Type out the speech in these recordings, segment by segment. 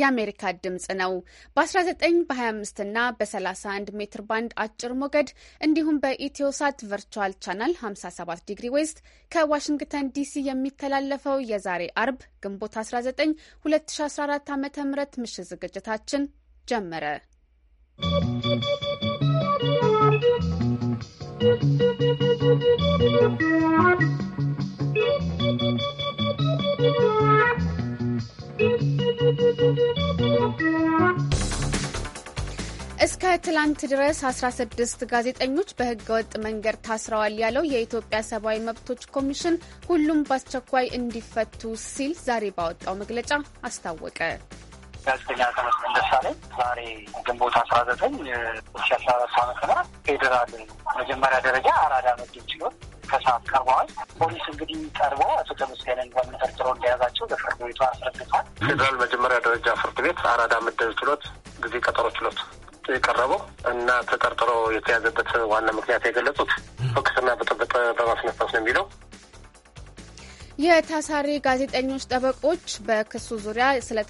የአሜሪካ ድምፅ ነው። በ19 በ25 እና በ31 ሜትር ባንድ አጭር ሞገድ እንዲሁም በኢትዮሳት ቨርቹዋል ቻናል 57 ዲግሪ ዌስት ከዋሽንግተን ዲሲ የሚተላለፈው የዛሬ አርብ ግንቦት 19 2014 ዓ ም ምሽት ዝግጅታችን ጀመረ። ¶¶ እስከ ትላንት ድረስ 16 ጋዜጠኞች በህገወጥ መንገድ ታስረዋል ያለው የኢትዮጵያ ሰብአዊ መብቶች ኮሚሽን ሁሉም በአስቸኳይ እንዲፈቱ ሲል ዛሬ ባወጣው መግለጫ አስታወቀ። ጋዜጠኛ ተመስገን ደሳለኝ ዛሬ ግንቦት አስራ ዘጠኝ ሁለት ሺ አስራ አራት ዓመት ፌዴራል መጀመሪያ ደረጃ አራዳ መድብ ችሎት ከሰዓት ቀርበዋል። ፖሊስ እንግዲህ ቀርቦ አቶ ተመስገንን በመጠርጥሮ እንደያዛቸው ለፍርድ ቤቱ አስረድቷል። ፌዴራል መጀመሪያ ደረጃ ፍርድ ቤት አራዳ ምድብ ችሎት ጊዜ ቀጠሮ ችሎት የቀረበው እና ተጠርጥሮ የተያዘበት ዋና ምክንያት የገለጹት ሁክስና ብጥብጥ በማስነሳት ነው የሚለው የታሳሪ ጋዜጠኞች ጠበቆች በክሱ ዙሪያ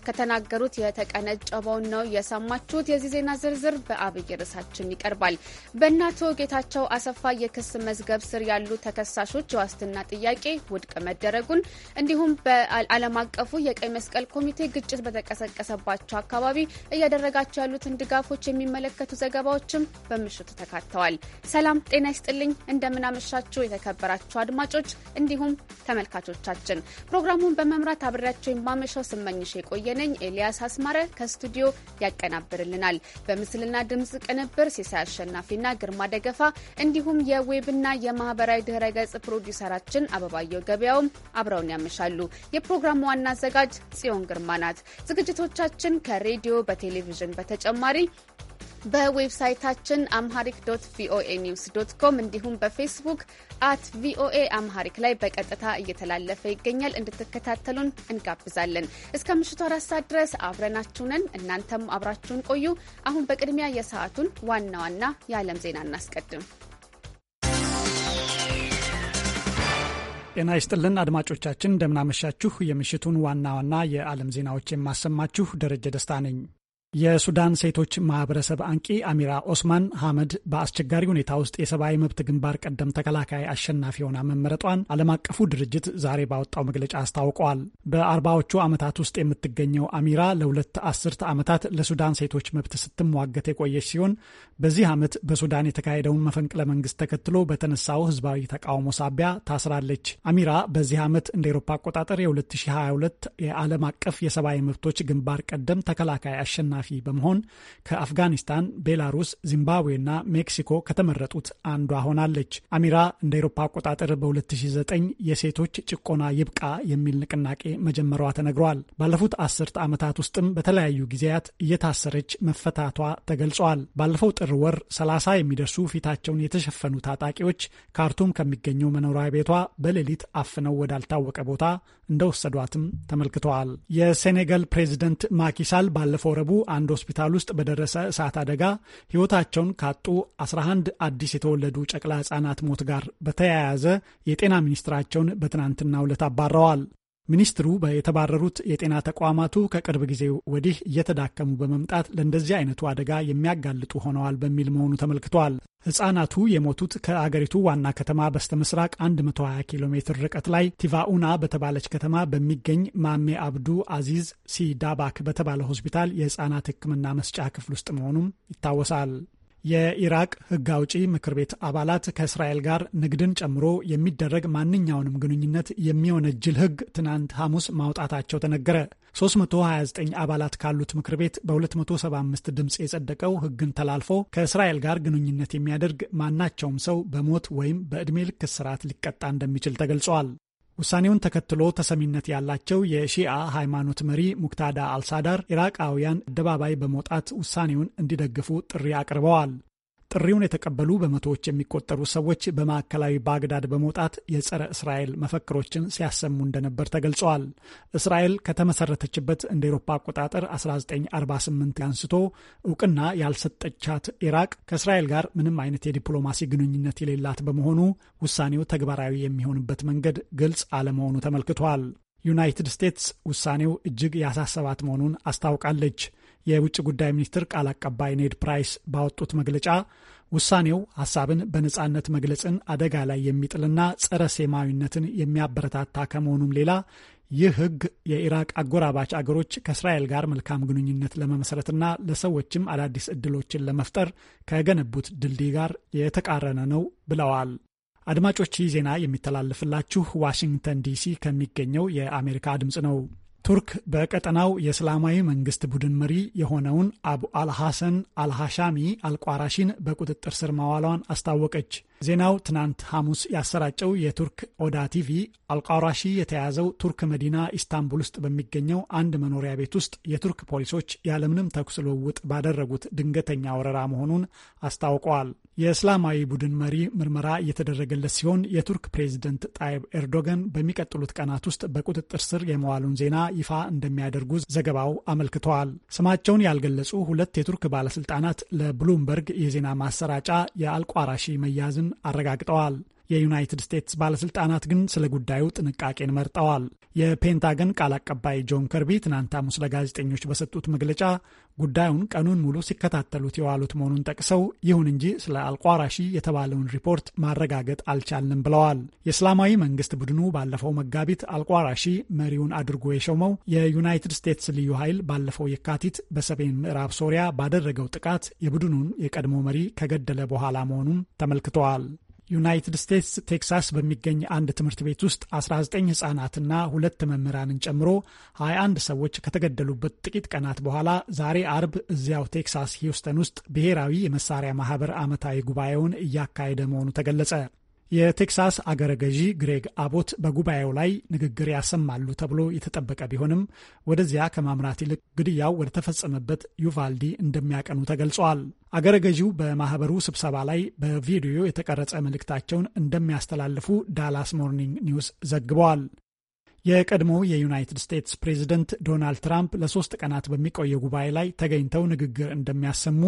ከተናገሩት የተቀነጨበውን ነው የሰማችሁት። የዚህ ዜና ዝርዝር በአብይ ርዕሳችን ይቀርባል። በእነ አቶ ጌታቸው አሰፋ የክስ መዝገብ ስር ያሉ ተከሳሾች የዋስትና ጥያቄ ውድቅ መደረጉን እንዲሁም በዓለም አቀፉ የቀይ መስቀል ኮሚቴ ግጭት በተቀሰቀሰባቸው አካባቢ እያደረጋቸው ያሉትን ድጋፎች የሚመለከቱ ዘገባዎችም በምሽቱ ተካተዋል። ሰላም ጤና ይስጥልኝ። እንደምናመሻችሁ የተከበራችሁ አድማጮች እንዲሁም ተመልካቾች እንግዶቻችን። ፕሮግራሙን በመምራት አብሬያቸው የማመሻው ስመኝሽ የቆየነኝ ኤልያስ አስማረ ከስቱዲዮ ያቀናብርልናል። በምስልና ድምፅ ቅንብር ሲሳይ አሸናፊና ግርማ ደገፋ እንዲሁም የዌብና የማህበራዊ ድህረ ገጽ ፕሮዲውሰራችን አበባየው ገበያውም አብረውን ያመሻሉ። የፕሮግራሙ ዋና አዘጋጅ ጽዮን ግርማ ናት። ዝግጅቶቻችን ከሬዲዮ በቴሌቪዥን በተጨማሪ በዌብሳይታችን አምሃሪክ ዶት ቪኦኤ ኒውስ ዶት ኮም እንዲሁም በፌስቡክ አት ቪኦኤ አምሃሪክ ላይ በቀጥታ እየተላለፈ ይገኛል። እንድትከታተሉን እንጋብዛለን። እስከ ምሽቱ አራት ሰዓት ድረስ አብረናችሁንን እናንተም አብራችሁን ቆዩ። አሁን በቅድሚያ የሰዓቱን ዋና ዋና የዓለም ዜና እናስቀድም። ጤና ይስጥልን አድማጮቻችን፣ እንደምናመሻችሁ። የምሽቱን ዋና ዋና የዓለም ዜናዎች የማሰማችሁ ደረጀ ደስታ ነኝ። የሱዳን ሴቶች ማህበረሰብ አንቂ አሚራ ኦስማን ሐመድ በአስቸጋሪ ሁኔታ ውስጥ የሰብአዊ መብት ግንባር ቀደም ተከላካይ አሸናፊ ሆና መመረጧን ዓለም አቀፉ ድርጅት ዛሬ ባወጣው መግለጫ አስታውቀዋል። በአርባዎቹ ዓመታት ውስጥ የምትገኘው አሚራ ለሁለት አስርተ ዓመታት ለሱዳን ሴቶች መብት ስትሟገት የቆየች ሲሆን በዚህ ዓመት በሱዳን የተካሄደውን መፈንቅለ መንግስት ተከትሎ በተነሳው ህዝባዊ ተቃውሞ ሳቢያ ታስራለች። አሚራ በዚህ ዓመት እንደ ኤሮፓ አቆጣጠር የ2022 የዓለም አቀፍ የሰብአዊ መብቶች ግንባር ቀደም ተከላካይ አሸናፊ አሸናፊ በመሆን ከአፍጋኒስታን፣ ቤላሩስ፣ እና ሜክሲኮ ከተመረጡት አንዷ ሆናለች። አሚራ እንደ ኤሮፓ አቆጣጠር በ2009 የሴቶች ጭቆና ይብቃ የሚል ንቅናቄ መጀመሯ ተነግሯል። ባለፉት አስርት ዓመታት ውስጥም በተለያዩ ጊዜያት እየታሰረች መፈታቷ ተገልጿል። ባለፈው ጥር ወር 30 የሚደርሱ ፊታቸውን የተሸፈኑ ታጣቂዎች ካርቱም ከሚገኘው መኖሪያ ቤቷ በሌሊት አፍነው ወዳልታወቀ ቦታ እንደወሰዷትም ተመልክተዋል። የሴኔጋል ፕሬዚደንት ማኪሳል ባለፈው ረቡዕ አንድ ሆስፒታል ውስጥ በደረሰ እሳት አደጋ ሕይወታቸውን ካጡ 11 አዲስ የተወለዱ ጨቅላ ሕጻናት ሞት ጋር በተያያዘ የጤና ሚኒስትራቸውን በትናንትናው ዕለት አባረዋል። ሚኒስትሩ የተባረሩት የጤና ተቋማቱ ከቅርብ ጊዜ ወዲህ እየተዳከሙ በመምጣት ለእንደዚህ አይነቱ አደጋ የሚያጋልጡ ሆነዋል በሚል መሆኑ ተመልክተዋል። ህጻናቱ የሞቱት ከአገሪቱ ዋና ከተማ በስተምስራቅ 120 ኪሎ ሜትር ርቀት ላይ ቲቫኡና በተባለች ከተማ በሚገኝ ማሜ አብዱ አዚዝ ሲዳባክ በተባለ ሆስፒታል የህጻናት ሕክምና መስጫ ክፍል ውስጥ መሆኑም ይታወሳል። የኢራቅ ሕግ አውጪ ምክር ቤት አባላት ከእስራኤል ጋር ንግድን ጨምሮ የሚደረግ ማንኛውንም ግንኙነት የሚወነጅል ሕግ ትናንት ሐሙስ ማውጣታቸው ተነገረ። 329 አባላት ካሉት ምክር ቤት በ275 ድምፅ የጸደቀው ሕግን ተላልፎ ከእስራኤል ጋር ግንኙነት የሚያደርግ ማናቸውም ሰው በሞት ወይም በዕድሜ ልክ እስራት ሊቀጣ እንደሚችል ተገልጿል። ውሳኔውን ተከትሎ ተሰሚነት ያላቸው የሺአ ሃይማኖት መሪ ሙክታዳ አልሳዳር ኢራቃውያን አደባባይ በመውጣት ውሳኔውን እንዲደግፉ ጥሪ አቅርበዋል። ጥሪውን የተቀበሉ በመቶዎች የሚቆጠሩ ሰዎች በማዕከላዊ ባግዳድ በመውጣት የጸረ እስራኤል መፈክሮችን ሲያሰሙ እንደነበር ተገልጸዋል። እስራኤል ከተመሰረተችበት እንደ ኤሮፓ አቆጣጠር 1948 አንስቶ እውቅና ያልሰጠቻት ኢራቅ ከእስራኤል ጋር ምንም አይነት የዲፕሎማሲ ግንኙነት የሌላት በመሆኑ ውሳኔው ተግባራዊ የሚሆንበት መንገድ ግልጽ አለመሆኑ ተመልክቷል። ዩናይትድ ስቴትስ ውሳኔው እጅግ ያሳሰባት መሆኑን አስታውቃለች። የውጭ ጉዳይ ሚኒስትር ቃል አቀባይ ኔድ ፕራይስ ባወጡት መግለጫ ውሳኔው ሀሳብን በነጻነት መግለጽን አደጋ ላይ የሚጥልና ጸረ ሴማዊነትን የሚያበረታታ ከመሆኑም ሌላ ይህ ሕግ የኢራቅ አጎራባች አገሮች ከእስራኤል ጋር መልካም ግንኙነት ለመመስረትና ለሰዎችም አዳዲስ እድሎችን ለመፍጠር ከገነቡት ድልድይ ጋር የተቃረነ ነው ብለዋል። አድማጮች ይህ ዜና የሚተላለፍላችሁ ዋሽንግተን ዲሲ ከሚገኘው የአሜሪካ ድምፅ ነው። ቱርክ በቀጠናው የእስላማዊ መንግስት ቡድን መሪ የሆነውን አቡ አልሐሰን አልሃሻሚ አልቋራሺን በቁጥጥር ስር ማዋሏን አስታወቀች። ዜናው ትናንት ሐሙስ ያሰራጨው የቱርክ ኦዳ ቲቪ አልቃራሺ የተያዘው ቱርክ መዲና ኢስታንቡል ውስጥ በሚገኘው አንድ መኖሪያ ቤት ውስጥ የቱርክ ፖሊሶች ያለምንም ተኩስ ልውውጥ ባደረጉት ድንገተኛ ወረራ መሆኑን አስታውቀዋል። የእስላማዊ ቡድን መሪ ምርመራ እየተደረገለት ሲሆን የቱርክ ፕሬዝደንት ጣይብ ኤርዶጋን በሚቀጥሉት ቀናት ውስጥ በቁጥጥር ስር የመዋሉን ዜና ይፋ እንደሚያደርጉ ዘገባው አመልክተዋል። ስማቸውን ያልገለጹ ሁለት የቱርክ ባለስልጣናት ለብሉምበርግ የዜና ማሰራጫ የአልቋራሺ መያዝን a rega የዩናይትድ ስቴትስ ባለስልጣናት ግን ስለ ጉዳዩ ጥንቃቄን መርጠዋል። የፔንታገን ቃል አቀባይ ጆን ከርቢ ትናንት ሐሙስ ለጋዜጠኞች በሰጡት መግለጫ ጉዳዩን ቀኑን ሙሉ ሲከታተሉት የዋሉት መሆኑን ጠቅሰው ይሁን እንጂ ስለ አልቋራሺ የተባለውን ሪፖርት ማረጋገጥ አልቻልንም ብለዋል። የእስላማዊ መንግስት ቡድኑ ባለፈው መጋቢት አልቋራሺ መሪውን አድርጎ የሾመው የዩናይትድ ስቴትስ ልዩ ኃይል ባለፈው የካቲት በሰሜን ምዕራብ ሶሪያ ባደረገው ጥቃት የቡድኑን የቀድሞ መሪ ከገደለ በኋላ መሆኑን ተመልክተዋል። ዩናይትድ ስቴትስ ቴክሳስ በሚገኝ አንድ ትምህርት ቤት ውስጥ 19 ህጻናትና ሁለት መምህራንን ጨምሮ 21 ሰዎች ከተገደሉበት ጥቂት ቀናት በኋላ ዛሬ አርብ እዚያው ቴክሳስ ሂውስተን ውስጥ ብሔራዊ የመሳሪያ ማህበር ዓመታዊ ጉባኤውን እያካሄደ መሆኑ ተገለጸ። የቴክሳስ አገረ ገዢ ግሬግ አቦት በጉባኤው ላይ ንግግር ያሰማሉ ተብሎ የተጠበቀ ቢሆንም ወደዚያ ከማምራት ይልቅ ግድያው ወደ ተፈጸመበት ዩቫልዲ እንደሚያቀኑ ተገልጿል። አገረ ገዢው በማህበሩ ስብሰባ ላይ በቪዲዮ የተቀረጸ መልእክታቸውን እንደሚያስተላልፉ ዳላስ ሞርኒንግ ኒውስ ዘግበዋል። የቀድሞ የዩናይትድ ስቴትስ ፕሬዝደንት ዶናልድ ትራምፕ ለሶስት ቀናት በሚቆየው ጉባኤ ላይ ተገኝተው ንግግር እንደሚያሰሙ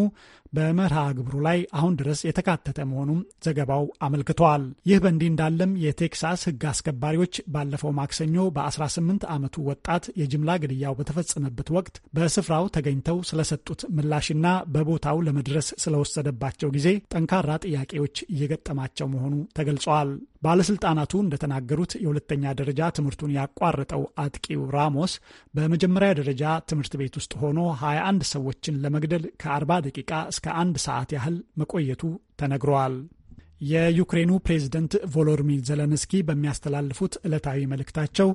በመርሃ ግብሩ ላይ አሁን ድረስ የተካተተ መሆኑም ዘገባው አመልክተዋል። ይህ በእንዲህ እንዳለም የቴክሳስ ሕግ አስከባሪዎች ባለፈው ማክሰኞ በ18 ዓመቱ ወጣት የጅምላ ግድያው በተፈጸመበት ወቅት በስፍራው ተገኝተው ስለሰጡት ምላሽና በቦታው ለመድረስ ስለወሰደባቸው ጊዜ ጠንካራ ጥያቄዎች እየገጠማቸው መሆኑ ተገልጿል። ባለስልጣናቱ እንደተናገሩት የሁለተኛ ደረጃ ትምህርቱን ያቋረጠው አጥቂው ራሞስ በመጀመሪያ ደረጃ ትምህርት ቤት ውስጥ ሆኖ 21 ሰዎችን ለመግደል ከ40 ደቂቃ እስከ አንድ ሰዓት ያህል መቆየቱ ተነግረዋል። የዩክሬኑ ፕሬዝደንት ቮሎዲሚር ዘለንስኪ በሚያስተላልፉት ዕለታዊ መልእክታቸው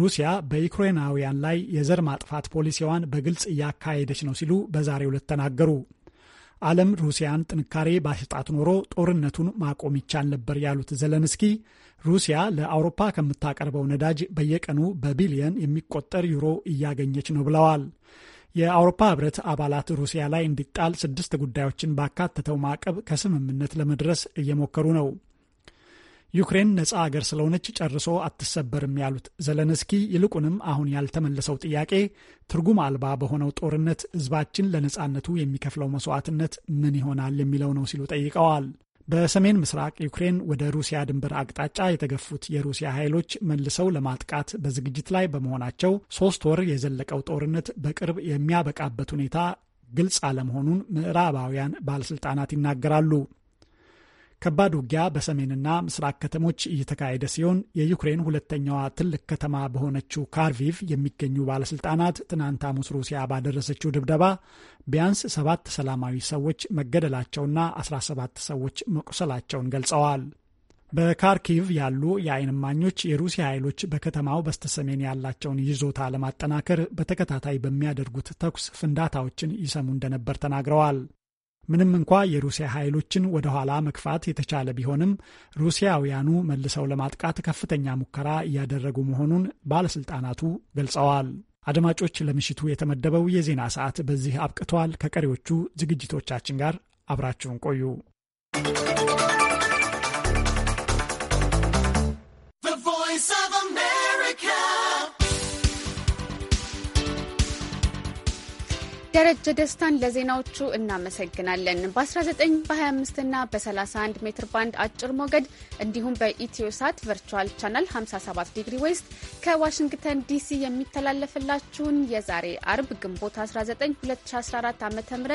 ሩሲያ በዩክሬናውያን ላይ የዘር ማጥፋት ፖሊሲዋን በግልጽ እያካሄደች ነው ሲሉ በዛሬው ዕለት ተናገሩ። ዓለም ሩሲያን ጥንካሬ ባይሰጣት ኖሮ ጦርነቱን ማቆም ይቻል ነበር ያሉት ዘለንስኪ ሩሲያ ለአውሮፓ ከምታቀርበው ነዳጅ በየቀኑ በቢሊየን የሚቆጠር ዩሮ እያገኘች ነው ብለዋል። የአውሮፓ ህብረት አባላት ሩሲያ ላይ እንዲጣል ስድስት ጉዳዮችን ባካተተው ማዕቀብ ከስምምነት ለመድረስ እየሞከሩ ነው። ዩክሬን ነጻ አገር ስለሆነች ጨርሶ አትሰበርም ያሉት ዘለንስኪ ይልቁንም አሁን ያልተመለሰው ጥያቄ ትርጉም አልባ በሆነው ጦርነት ሕዝባችን ለነጻነቱ የሚከፍለው መስዋዕትነት ምን ይሆናል የሚለው ነው ሲሉ ጠይቀዋል። በሰሜን ምስራቅ ዩክሬን ወደ ሩሲያ ድንበር አቅጣጫ የተገፉት የሩሲያ ኃይሎች መልሰው ለማጥቃት በዝግጅት ላይ በመሆናቸው ሶስት ወር የዘለቀው ጦርነት በቅርብ የሚያበቃበት ሁኔታ ግልጽ አለመሆኑን ምዕራባውያን ባለስልጣናት ይናገራሉ። ከባድ ውጊያ በሰሜንና ምስራቅ ከተሞች እየተካሄደ ሲሆን የዩክሬን ሁለተኛዋ ትልቅ ከተማ በሆነችው ካርቪቭ የሚገኙ ባለስልጣናት ትናንት አሙስ ሩሲያ ባደረሰችው ድብደባ ቢያንስ ሰባት ሰላማዊ ሰዎች መገደላቸውና 17 ሰዎች መቁሰላቸውን ገልጸዋል። በካርኪቭ ያሉ የአይን እማኞች የሩሲያ ኃይሎች በከተማው በስተሰሜን ያላቸውን ይዞታ ለማጠናከር በተከታታይ በሚያደርጉት ተኩስ ፍንዳታዎችን ይሰሙ እንደነበር ተናግረዋል። ምንም እንኳ የሩሲያ ኃይሎችን ወደ ኋላ መግፋት የተቻለ ቢሆንም ሩሲያውያኑ መልሰው ለማጥቃት ከፍተኛ ሙከራ እያደረጉ መሆኑን ባለስልጣናቱ ገልጸዋል። አድማጮች፣ ለምሽቱ የተመደበው የዜና ሰዓት በዚህ አብቅተዋል። ከቀሪዎቹ ዝግጅቶቻችን ጋር አብራችሁን ቆዩ። ደረጀ ደስታን ለዜናዎቹ እናመሰግናለን። በ19 በ25ና በ31 ሜትር ባንድ አጭር ሞገድ እንዲሁም በኢትዮሳት ቨርቹዋል ቻናል 57 ዲግሪ ዌስት ከዋሽንግተን ዲሲ የሚተላለፍላችሁን የዛሬ አርብ ግንቦት 19 2014 ዓ ም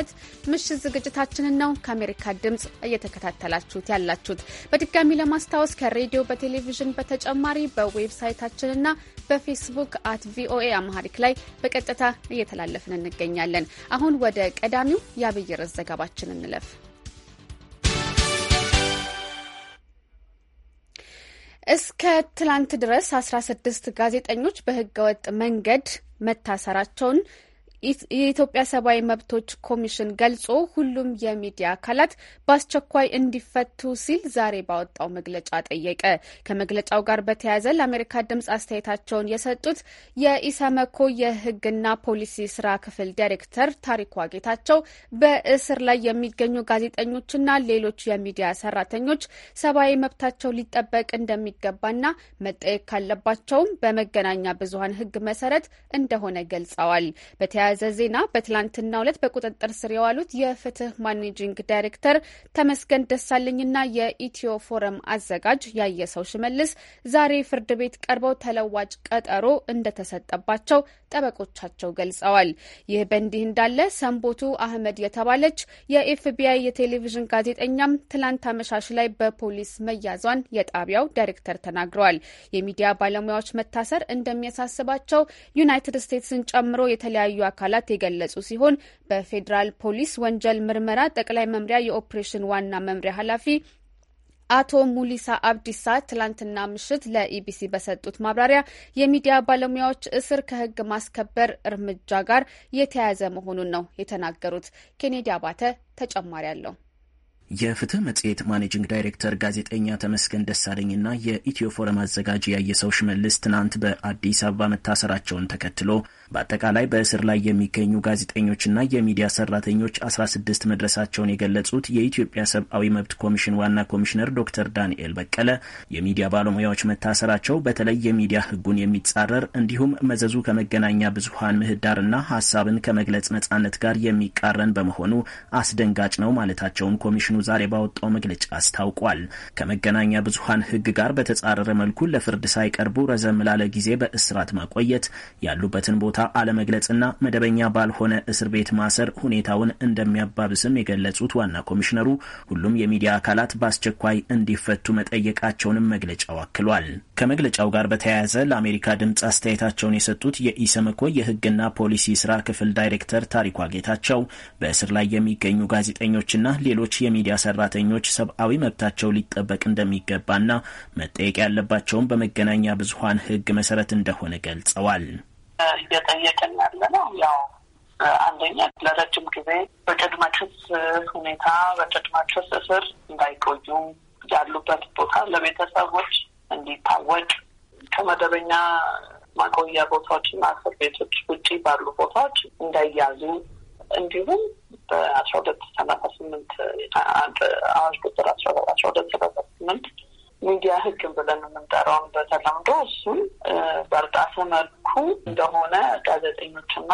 ምሽት ዝግጅታችንን ነው ከአሜሪካ ድምፅ እየተከታተላችሁት ያላችሁት። በድጋሚ ለማስታወስ ከሬዲዮ በቴሌቪዥን በተጨማሪ በዌብሳይታችንና በፌስቡክ አት ቪኦኤ አማሃሪክ ላይ በቀጥታ እየተላለፍን እንገኛለን። አሁን ወደ ቀዳሚው የአብይ ርዕስ ዘገባችን እንለፍ። እስከ ትላንት ድረስ 16 ጋዜጠኞች በህገወጥ መንገድ መታሰራቸውን የኢትዮጵያ ሰብአዊ መብቶች ኮሚሽን ገልጾ ሁሉም የሚዲያ አካላት በአስቸኳይ እንዲፈቱ ሲል ዛሬ ባወጣው መግለጫ ጠየቀ። ከመግለጫው ጋር በተያያዘ ለአሜሪካ ድምጽ አስተያየታቸውን የሰጡት የኢሰመኮ የሕግና ፖሊሲ ስራ ክፍል ዳይሬክተር ታሪኩ ጌታቸው በእስር ላይ የሚገኙ ጋዜጠኞችና ሌሎች የሚዲያ ሰራተኞች ሰብአዊ መብታቸው ሊጠበቅ እንደሚገባና መጠየቅ ካለባቸውም በመገናኛ ብዙሀን ሕግ መሰረት እንደሆነ ገልጸዋል። በተያያዘ በተያያዘ ዜና በትላንትናው ዕለት በቁጥጥር ስር የዋሉት የፍትህ ማኔጂንግ ዳይሬክተር ተመስገን ደሳለኝና የኢትዮ ፎረም አዘጋጅ ያየሰው ሽመልስ ዛሬ ፍርድ ቤት ቀርበው ተለዋጭ ቀጠሮ እንደተሰጠባቸው ጠበቆቻቸው ገልጸዋል። ይህ በእንዲህ እንዳለ ሰንቦቱ አህመድ የተባለች የኤፍቢአይ የቴሌቪዥን ጋዜጠኛም ትላንት አመሻሽ ላይ በፖሊስ መያዟን የጣቢያው ዳይሬክተር ተናግረዋል። የሚዲያ ባለሙያዎች መታሰር እንደሚያሳስባቸው ዩናይትድ ስቴትስን ጨምሮ የተለያዩ አካላት የገለጹ ሲሆን በፌዴራል ፖሊስ ወንጀል ምርመራ ጠቅላይ መምሪያ የኦፕሬሽን ዋና መምሪያ ኃላፊ አቶ ሙሊሳ አብዲሳ ትላንትና ምሽት ለኢቢሲ በሰጡት ማብራሪያ የሚዲያ ባለሙያዎች እስር ከህግ ማስከበር እርምጃ ጋር የተያያዘ መሆኑን ነው የተናገሩት። ኬኔዲ አባተ ተጨማሪ አለው። የፍትህ መጽሔት ማኔጂንግ ዳይሬክተር ጋዜጠኛ ተመስገን ደሳለኝና የኢትዮ ፎረም አዘጋጅ ያየሰው ሽመልስ ትናንት በአዲስ አበባ መታሰራቸውን ተከትሎ በአጠቃላይ በእስር ላይ የሚገኙ ጋዜጠኞችና የሚዲያ ሰራተኞች 16 መድረሳቸውን የገለጹት የኢትዮጵያ ሰብአዊ መብት ኮሚሽን ዋና ኮሚሽነር ዶክተር ዳንኤል በቀለ የሚዲያ ባለሙያዎች መታሰራቸው በተለይ የሚዲያ ሕጉን የሚጻረር እንዲሁም መዘዙ ከመገናኛ ብዙኃን ምህዳርና ሀሳብን ከመግለጽ ነጻነት ጋር የሚቃረን በመሆኑ አስደንጋጭ ነው ማለታቸውን ኮሚሽኑ ዛሬ ባወጣው መግለጫ አስታውቋል። ከመገናኛ ብዙሀን ህግ ጋር በተጻረረ መልኩ ለፍርድ ሳይቀርቡ ረዘም ላለ ጊዜ በእስራት ማቆየት፣ ያሉበትን ቦታ አለመግለጽና መደበኛ ባልሆነ እስር ቤት ማሰር ሁኔታውን እንደሚያባብስም የገለጹት ዋና ኮሚሽነሩ ሁሉም የሚዲያ አካላት በአስቸኳይ እንዲፈቱ መጠየቃቸውንም መግለጫው አክሏል። ከመግለጫው ጋር በተያያዘ ለአሜሪካ ድምፅ አስተያየታቸውን የሰጡት የኢሰመኮ የሕግና ፖሊሲ ስራ ክፍል ዳይሬክተር ታሪኳ ጌታቸው በእስር ላይ የሚገኙ ጋዜጠኞችና ሌሎች የሚዲ የሚዲያ ሰራተኞች ሰብአዊ መብታቸው ሊጠበቅ እንደሚገባና መጠየቅ ያለባቸውን በመገናኛ ብዙኃን ሕግ መሰረት እንደሆነ ገልጸዋል። እየጠየቅን ያለነው ያው አንደኛ ለረጅም ጊዜ በቅድመ ክስ ሁኔታ በቅድመ ክስ እስር እንዳይቆዩ ያሉበት ቦታ ለቤተሰቦች እንዲታወቅ ከመደበኛ ማቆያ ቦታዎች እና እስር ቤቶች ውጪ ባሉ ቦታዎች እንዳይያዙ እንዲሁም በአስራ ሁለት ሰላሳ ስምንት አንድ አዋጅ ቁጥር አስራ ሁለት ሰላሳ ስምንት ሚዲያ ህግን ብለን የምንጠራውን በተለምዶ እሱን በርጣሰ መልኩ እንደሆነ ጋዜጠኞችና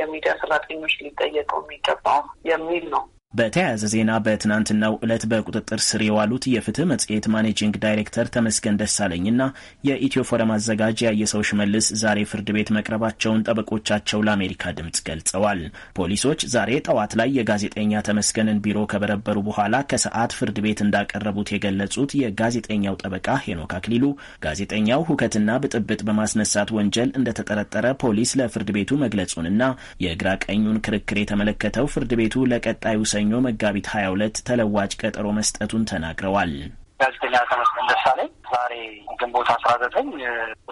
የሚዲያ ሰራተኞች ሊጠየቀው የሚገባው የሚል ነው። በተያያዘ ዜና በትናንትናው ዕለት በቁጥጥር ስር የዋሉት የፍትህ መጽሔት ማኔጂንግ ዳይሬክተር ተመስገን ደሳለኝና የኢትዮ ፎረም አዘጋጅ ያየሰው ሽመልስ ዛሬ ፍርድ ቤት መቅረባቸውን ጠበቆቻቸው ለአሜሪካ ድምፅ ገልጸዋል። ፖሊሶች ዛሬ ጠዋት ላይ የጋዜጠኛ ተመስገንን ቢሮ ከበረበሩ በኋላ ከሰዓት ፍርድ ቤት እንዳቀረቡት የገለጹት የጋዜጠኛው ጠበቃ ሄኖክ አክሊሉ ጋዜጠኛው ሁከትና ብጥብጥ በማስነሳት ወንጀል እንደተጠረጠረ ፖሊስ ለፍርድ ቤቱ መግለጹንና የግራ ቀኙን ክርክር የተመለከተው ፍርድ ቤቱ ለቀጣዩ ሰ ሰኞ መጋቢት 22 ተለዋጭ ቀጠሮ መስጠቱን ተናግረዋል። ጋዜጠኛ ተመስገን ደሳለኝ ዛሬ ግንቦት አስራ ዘጠኝ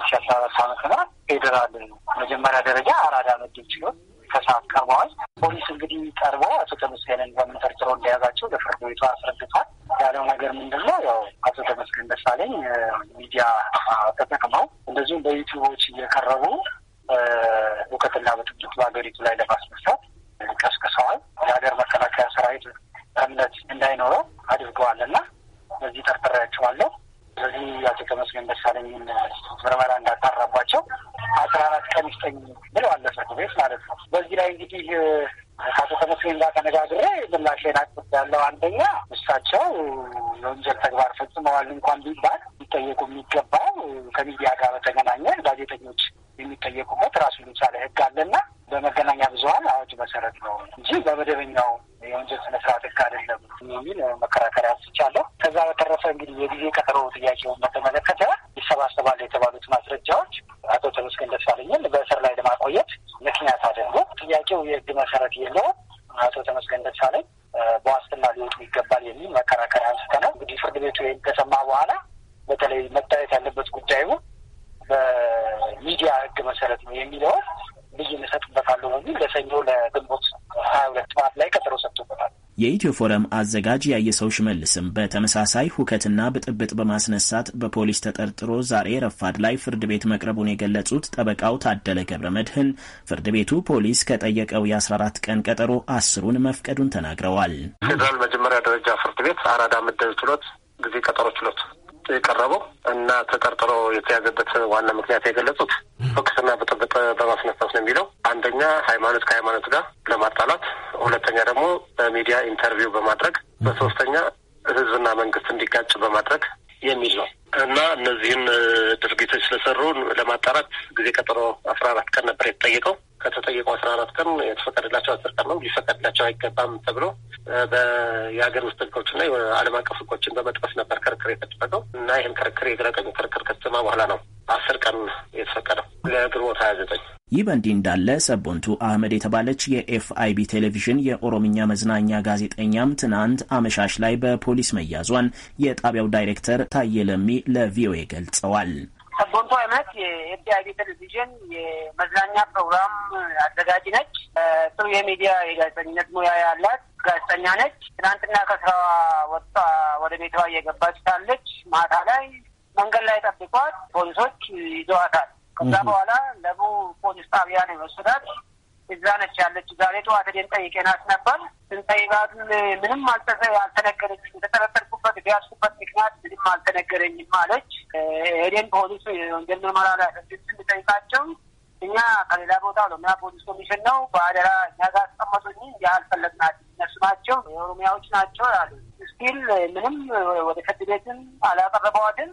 ሺ አስራ አራት ዓመት ና ፌዴራል መጀመሪያ ደረጃ አራዳ ምድብ ችሎት ከሰዓት ቀርበዋል። ፖሊስ እንግዲህ ቀርቦ አቶ ተመስገንን በምንጠርጥሮ እንደያዛቸው ለፍርድ ቤቱ አስረድቷል። ያለው ነገር ምንድን ነው? ያው አቶ ተመስገን ደሳለኝ ሚዲያ ተጠቅመው እንደዚሁም በዩቲዩቦች እየቀረቡ እውቀትና ብጥብጥ በሀገሪቱ ላይ ለማስመሳት እንዲሉ ቀስቅሰዋል። የሀገር መከላከያ ሰራዊት እምነት እንዳይኖረው አድርገዋል እና በዚህ ጠርጥሬያቸዋለሁ። ስለዚህ አቶ ተመስገን ደሳለኝን ምርመራ እንዳጣራባቸው አስራ አራት ቀን ይስጠኝ ብለው አለፈ ቤት ማለት ነው። በዚህ ላይ እንግዲህ ከአቶ ተመስገን ጋር ተነጋግሬ ምላሽን ያለው አንደኛ እሳቸው የወንጀል ተግባር ፈጽመዋል እንኳን ቢባል ሊጠየቁ የሚገባው ከሚዲያ ጋር በተገናኘ ጋዜጠኞች የሚጠየቁበት ራሱን የቻለ ሕግ አለና በመገናኛ ብዙኃን አዋጅ መሰረት ነው እንጂ በመደበኛው የወንጀል ስነስርት ህግ አይደለም የሚል መከራከሪያ አንስቻለሁ። ከዛ በተረፈ እንግዲህ የጊዜ ቀጠሮ ጥያቄውን በተመለከተ ይሰባሰባሉ የተባሉት ማስረጃዎች የኢትዮ ፎረም አዘጋጅ ያየሰው ሽመልስም በተመሳሳይ ሁከትና ብጥብጥ በማስነሳት በፖሊስ ተጠርጥሮ ዛሬ ረፋድ ላይ ፍርድ ቤት መቅረቡን የገለጹት ጠበቃው ታደለ ገብረ መድህን ፍርድ ቤቱ ፖሊስ ከጠየቀው የ14 ቀን ቀጠሮ አስሩን መፍቀዱን ተናግረዋል። ፌዴራል መጀመሪያ ደረጃ ፍርድ ቤት አራዳ ምድብ ችሎት ጊዜ ቀጠሮ ችሎት የቀረበው እና ተጠርጥሮ የተያዘበት ዋና ምክንያት የገለጹት ሁከትና ብጥብጥ በማስነሳት ነው የሚለው አንደኛ ሃይማኖት ከሃይማኖት ጋር ለማጣላት፣ ሁለተኛ ደግሞ በሚዲያ ኢንተርቪው በማድረግ በሶስተኛ ህዝብና መንግስት እንዲጋጭ በማድረግ የሚል ነው እና እነዚህን ድርጊቶች ስለሰሩ ለማጣራት ጊዜ ቀጠሮ አስራ አራት ቀን ነበር የተጠየቀው። ከተጠየቀው አስራ አራት ቀን የተፈቀደላቸው አስር ቀን ነው። ሊፈቀድላቸው አይገባም ተብሎ የሀገር ውስጥ ህጎችና የዓለም አቀፍ ህጎችን በመጥቀስ ነበር ክርክር የተደረገው እና ይህን ክርክር የግራቀኝ ክርክር ከተሰማ በኋላ ነው አስር ቀን የተፈቀደው ለግንቦት ሀያ ዘጠኝ ይህ በእንዲህ እንዳለ ሰቦንቱ አህመድ የተባለች የኤፍአይቢ ቴሌቪዥን የኦሮምኛ መዝናኛ ጋዜጠኛም ትናንት አመሻሽ ላይ በፖሊስ መያዟን የጣቢያው ዳይሬክተር ታየለሚ ለሚ ለቪኦኤ ገልጸዋል። ሰቦንቱ አህመድ የኤፍአይቢ ቴሌቪዥን የመዝናኛ ፕሮግራም አዘጋጅ ነች። ጥሩ የሚዲያ የጋዜጠኝነት ሙያ ያላት ጋዜጠኛ ነች። ትናንትና ከስራዋ ወጣ ወደ ቤቷ እየገባች ሳለች ማታ ላይ መንገድ ላይ ጠብቋት ፖሊሶች ይዘዋታል። ከዛ በኋላ ለቡ ፖሊስ ጣቢያ ነው የወሰዳት። እዛ ነች ያለች። ዛሬ ጠዋት ሄደን ጠይቄናት ነበር። ስንጠይቃት ምንም አልተሰ አልተነገረኝ። የተጠረጠርኩበት ቢያስኩበት ምክንያት ምንም አልተነገረኝም አለች። ሄደን ፖሊስ ወንጀል ምርመራ ላይ ስንጠይቃቸው እኛ ከሌላ ቦታ ነው እና ፖሊስ ኮሚሽን ነው በአደራ እኛ ጋር አስቀመጡኝ ያልፈለግናት እነሱ ናቸው የኦሮሚያዎች ናቸው ያሉ ስቲል ምንም ወደ ፍርድ ቤትም አላቀረበዋትም።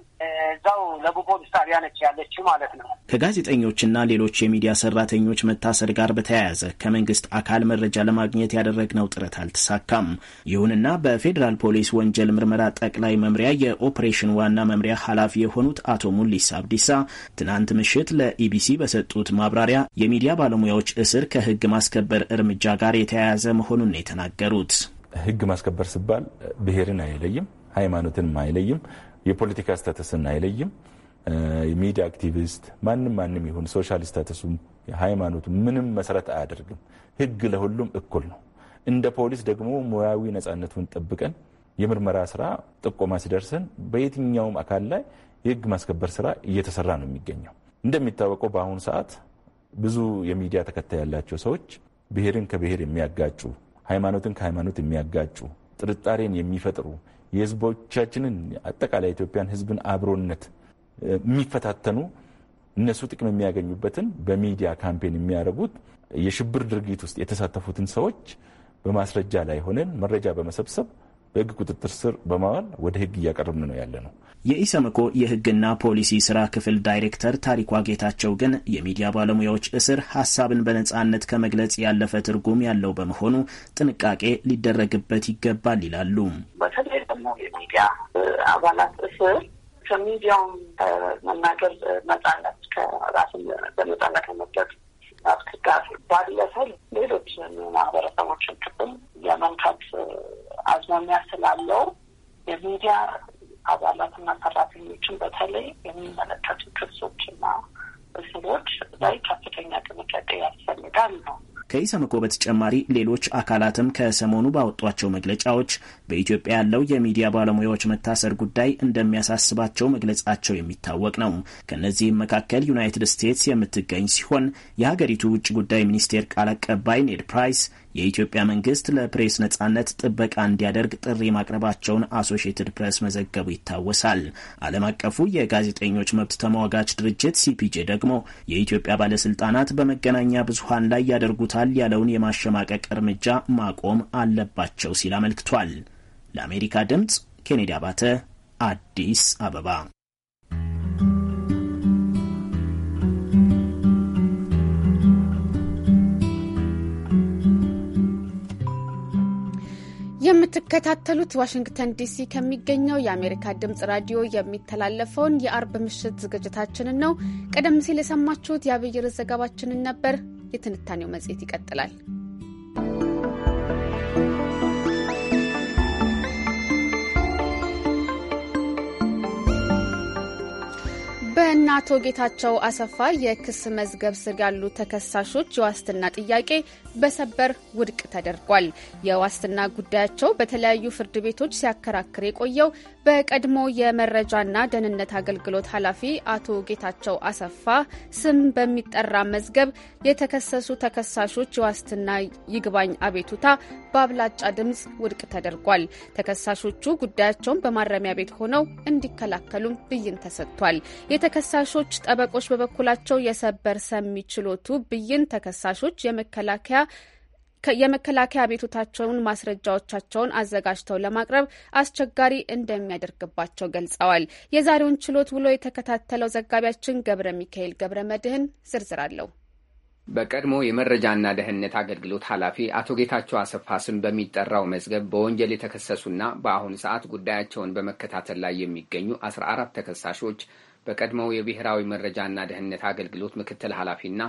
እዛው ለቡ ጣቢያ ነች ያለችው ማለት ነው። ከጋዜጠኞችና ሌሎች የሚዲያ ሰራተኞች መታሰር ጋር በተያያዘ ከመንግስት አካል መረጃ ለማግኘት ያደረግነው ጥረት አልተሳካም። ይሁንና በፌዴራል ፖሊስ ወንጀል ምርመራ ጠቅላይ መምሪያ የኦፕሬሽን ዋና መምሪያ ኃላፊ የሆኑት አቶ ሙሊስ አብዲሳ ትናንት ምሽት ለኢቢሲ በሰጡት ማብራሪያ የሚዲያ ባለሙያዎች እስር ከህግ ማስከበር እርምጃ ጋር የተያያዘ መሆኑን ነው የተናገሩት። ህግ ማስከበር ሲባል ብሔርን አይለይም፣ ሃይማኖትን አይለይም፣ የፖለቲካ ስታተስን አይለይም። ሚዲያ አክቲቪስት ማንም ማንም ይሁን ሶሻል ስታተሱ ሃይማኖቱ ምንም መሰረት አያደርግም። ህግ ለሁሉም እኩል ነው። እንደ ፖሊስ ደግሞ ሙያዊ ነፃነቱን ጠብቀን የምርመራ ስራ ጥቆማ ሲደርሰን በየትኛውም አካል ላይ የህግ ማስከበር ስራ እየተሰራ ነው የሚገኘው። እንደሚታወቀው በአሁኑ ሰዓት ብዙ የሚዲያ ተከታይ ያላቸው ሰዎች ብሔርን ከብሔር የሚያጋጩ ሃይማኖትን ከሃይማኖት የሚያጋጩ ጥርጣሬን የሚፈጥሩ የህዝቦቻችንን አጠቃላይ ኢትዮጵያን ህዝብን አብሮነት የሚፈታተኑ እነሱ ጥቅም የሚያገኙበትን በሚዲያ ካምፔን የሚያደርጉት የሽብር ድርጊት ውስጥ የተሳተፉትን ሰዎች በማስረጃ ላይ ሆነን መረጃ በመሰብሰብ በህግ ቁጥጥር ስር በማዋል ወደ ህግ እያቀረብን ነው ያለ ነው። የኢሰመኮ የህግና ፖሊሲ ስራ ክፍል ዳይሬክተር ታሪኳ ጌታቸው ግን የሚዲያ ባለሙያዎች እስር ሀሳብን በነጻነት ከመግለጽ ያለፈ ትርጉም ያለው በመሆኑ ጥንቃቄ ሊደረግበት ይገባል ይላሉ። በተለይ ደግሞ የሚዲያ አባላት እስር ከሚዲያውም መናገር ነጻነት ከራስን በነጻነት መግለጽ ማስከዳት ባለፈል ሌሎች ማህበረሰቦችን ክፍል የመንካት አዝማሚያ ስላለው የሚዲያ አባላትና ሰራተኞችን በተለይ የሚመለከቱ ክሶችና ምስሎች ላይ ከፍተኛ ጥንቃቄ ያስፈልጋል ነው። ከኢሰመኮ በተጨማሪ ሌሎች አካላትም ከሰሞኑ ባወጧቸው መግለጫዎች በኢትዮጵያ ያለው የሚዲያ ባለሙያዎች መታሰር ጉዳይ እንደሚያሳስባቸው መግለጻቸው የሚታወቅ ነው። ከእነዚህም መካከል ዩናይትድ ስቴትስ የምትገኝ ሲሆን የሀገሪቱ ውጭ ጉዳይ ሚኒስቴር ቃል አቀባይ ኔድ ፕራይስ የኢትዮጵያ መንግስት ለፕሬስ ነጻነት ጥበቃ እንዲያደርግ ጥሪ ማቅረባቸውን አሶሽየትድ ፕሬስ መዘገቡ ይታወሳል። ዓለም አቀፉ የጋዜጠኞች መብት ተሟጋች ድርጅት ሲፒጄ ደግሞ የኢትዮጵያ ባለስልጣናት በመገናኛ ብዙሀን ላይ ያደርጉት ይደርሳል ያለውን የማሸማቀቅ እርምጃ ማቆም አለባቸው ሲል አመልክቷል። ለአሜሪካ ድምፅ ኬኔዲ አባተ አዲስ አበባ። የምትከታተሉት ዋሽንግተን ዲሲ ከሚገኘው የአሜሪካ ድምጽ ራዲዮ የሚተላለፈውን የአርብ ምሽት ዝግጅታችንን ነው። ቀደም ሲል የሰማችሁት የአብይር ዘገባችንን ነበር። የትንታኔው መጽሔት ይቀጥላል። አቶ ጌታቸው አሰፋ የክስ መዝገብ ስር ያሉ ተከሳሾች የዋስትና ጥያቄ በሰበር ውድቅ ተደርጓል። የዋስትና ጉዳያቸው በተለያዩ ፍርድ ቤቶች ሲያከራክር የቆየው በቀድሞ የመረጃና ደህንነት አገልግሎት ኃላፊ አቶ ጌታቸው አሰፋ ስም በሚጠራ መዝገብ የተከሰሱ ተከሳሾች የዋስትና ይግባኝ አቤቱታ በአብላጫ ድምፅ ውድቅ ተደርጓል። ተከሳሾቹ ጉዳያቸውን በማረሚያ ቤት ሆነው እንዲከላከሉም ብይን ተሰጥቷል። የተከሳሾች ጠበቆች በበኩላቸው የሰበር ሰሚ ችሎቱ ብይን ተከሳሾች የመከላከያ የመከላከያ ቤቶታቸውን ማስረጃዎቻቸውን አዘጋጅተው ለማቅረብ አስቸጋሪ እንደሚያደርግባቸው ገልጸዋል። የዛሬውን ችሎት ውሎ የተከታተለው ዘጋቢያችን ገብረ ሚካኤል ገብረ መድህን ዝርዝር አለው። በቀድሞ የመረጃና ደህንነት አገልግሎት ኃላፊ አቶ ጌታቸው አሰፋ ስም በሚጠራው መዝገብ በወንጀል የተከሰሱና በአሁኑ ሰዓት ጉዳያቸውን በመከታተል ላይ የሚገኙ አስራ አራት ተከሳሾች በቀድሞው የብሔራዊ መረጃና ደህንነት አገልግሎት ምክትል ኃላፊና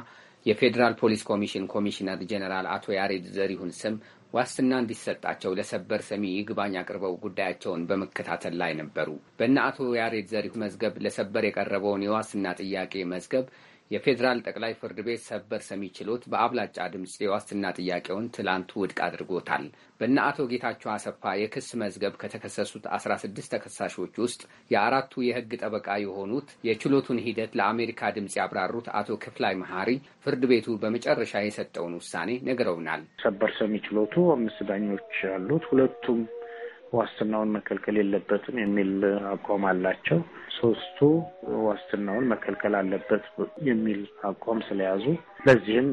የፌዴራል ፖሊስ ኮሚሽን ኮሚሽነር ጀኔራል አቶ ያሬድ ዘሪሁን ስም ዋስትና እንዲሰጣቸው ለሰበር ሰሚ ይግባኝ አቅርበው ጉዳያቸውን በመከታተል ላይ ነበሩ። በእነ አቶ ያሬድ ዘሪሁን መዝገብ ለሰበር የቀረበውን የዋስትና ጥያቄ መዝገብ የፌዴራል ጠቅላይ ፍርድ ቤት ሰበር ሰሚ ችሎት በአብላጫ ድምፅ የዋስትና ጥያቄውን ትላንት ውድቅ አድርጎታል። በእነ አቶ ጌታቸው አሰፋ የክስ መዝገብ ከተከሰሱት 16 ተከሳሾች ውስጥ የአራቱ የሕግ ጠበቃ የሆኑት የችሎቱን ሂደት ለአሜሪካ ድምፅ ያብራሩት አቶ ክፍላይ መሐሪ ፍርድ ቤቱ በመጨረሻ የሰጠውን ውሳኔ ነግረውናል። ሰበር ሰሚ ችሎቱ አምስት ዳኞች ያሉት ሁለቱም ዋስትናውን መከልከል የለበትም የሚል አቋም አላቸው። ሶስቱ ዋስትናውን መከልከል አለበት የሚል አቋም ስለያዙ ለዚህም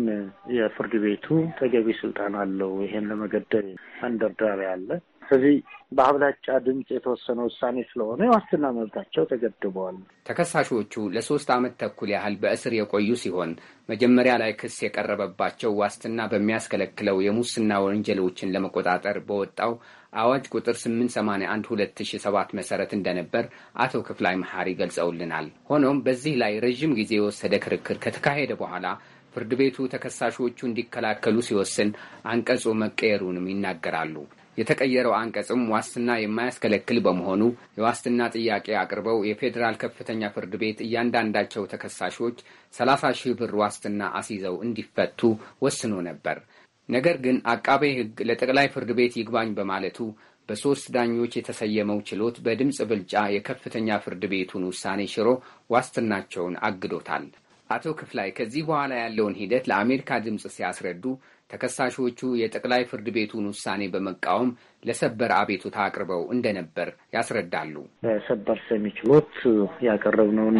የፍርድ ቤቱ ተገቢ ስልጣን አለው። ይሄን ለመገደብ አንደርዳሪ አለ። ስለዚህ በአብላጫ ድምፅ የተወሰነ ውሳኔ ስለሆነ የዋስትና መብታቸው ተገድበዋል። ተከሳሾቹ ለሶስት ዓመት ተኩል ያህል በእስር የቆዩ ሲሆን መጀመሪያ ላይ ክስ የቀረበባቸው ዋስትና በሚያስከለክለው የሙስና ወንጀሎችን ለመቆጣጠር በወጣው አዋጅ ቁጥር 881 2007 መሰረት እንደነበር አቶ ክፍላይ መሐሪ ገልጸውልናል። ሆኖም በዚህ ላይ ረዥም ጊዜ የወሰደ ክርክር ከተካሄደ በኋላ ፍርድ ቤቱ ተከሳሾቹ እንዲከላከሉ ሲወስን አንቀጹ መቀየሩንም ይናገራሉ። የተቀየረው አንቀጽም ዋስትና የማያስከለክል በመሆኑ የዋስትና ጥያቄ አቅርበው የፌዴራል ከፍተኛ ፍርድ ቤት እያንዳንዳቸው ተከሳሾች 30 ሺህ ብር ዋስትና አስይዘው እንዲፈቱ ወስኖ ነበር። ነገር ግን አቃቤ ሕግ ለጠቅላይ ፍርድ ቤት ይግባኝ በማለቱ በሦስት ዳኞች የተሰየመው ችሎት በድምፅ ብልጫ የከፍተኛ ፍርድ ቤቱን ውሳኔ ሽሮ ዋስትናቸውን አግዶታል። አቶ ክፍላይ ከዚህ በኋላ ያለውን ሂደት ለአሜሪካ ድምፅ ሲያስረዱ ተከሳሾቹ የጠቅላይ ፍርድ ቤቱን ውሳኔ በመቃወም ለሰበር አቤቱታ አቅርበው እንደነበር ያስረዳሉ። በሰበር ሰሚ ችሎት ያቀረብነውን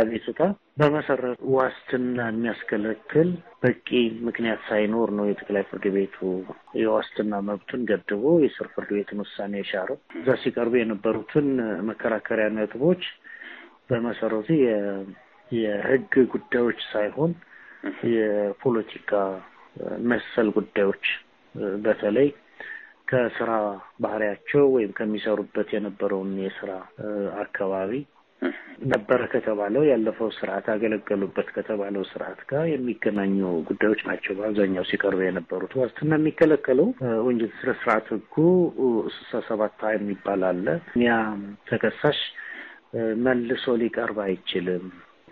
አቤቱታ በመሰረቱ ዋስትና የሚያስከለክል በቂ ምክንያት ሳይኖር ነው የጠቅላይ ፍርድ ቤቱ የዋስትና መብቱን ገድቦ የስር ፍርድ ቤትን ውሳኔ የሻረው። እዛ ሲቀርቡ የነበሩትን መከራከሪያ ነጥቦች በመሰረቱ የህግ ጉዳዮች ሳይሆን የፖለቲካ መሰል ጉዳዮች በተለይ ከስራ ባህሪያቸው ወይም ከሚሰሩበት የነበረውን የስራ አካባቢ ነበረ ከተባለው ያለፈው ስርዓት አገለገሉበት ከተባለው ስርዓት ጋር የሚገናኙ ጉዳዮች ናቸው በአብዛኛው ሲቀርቡ የነበሩት። ዋስትና የሚከለከለው ወንጀል ስነ ስርዓት ህጉ ስልሳ ሰባት የሚባል አለ። ያ ተከሳሽ መልሶ ሊቀርብ አይችልም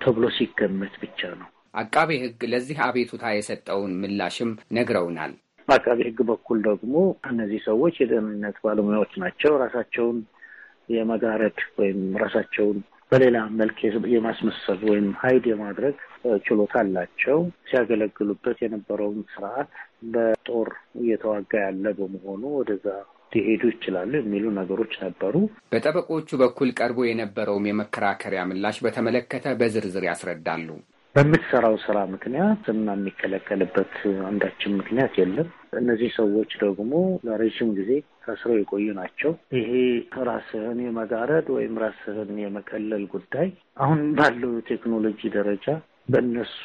ተብሎ ሲገመት ብቻ ነው። አቃቤ ህግ ለዚህ አቤቱታ የሰጠውን ምላሽም ነግረውናል። በአቃቤ ህግ በኩል ደግሞ እነዚህ ሰዎች የደህንነት ባለሙያዎች ናቸው። ራሳቸውን የመጋረድ ወይም ራሳቸውን በሌላ መልክ የማስመሰል ወይም ሀይድ የማድረግ ችሎታ አላቸው። ሲያገለግሉበት የነበረውን ስርዓት በጦር እየተዋጋ ያለ በመሆኑ ወደዛ ሊሄዱ ይችላሉ የሚሉ ነገሮች ነበሩ። በጠበቆቹ በኩል ቀርቦ የነበረውም የመከራከሪያ ምላሽ በተመለከተ በዝርዝር ያስረዳሉ። በምትሰራው ስራ ምክንያት እና የሚከለከልበት አንዳችን ምክንያት የለም። እነዚህ ሰዎች ደግሞ ለረዥም ጊዜ ታስረው የቆዩ ናቸው። ይሄ ራስህን የመጋረድ ወይም ራስህን የመቀለል ጉዳይ አሁን ባለው የቴክኖሎጂ ደረጃ በእነሱ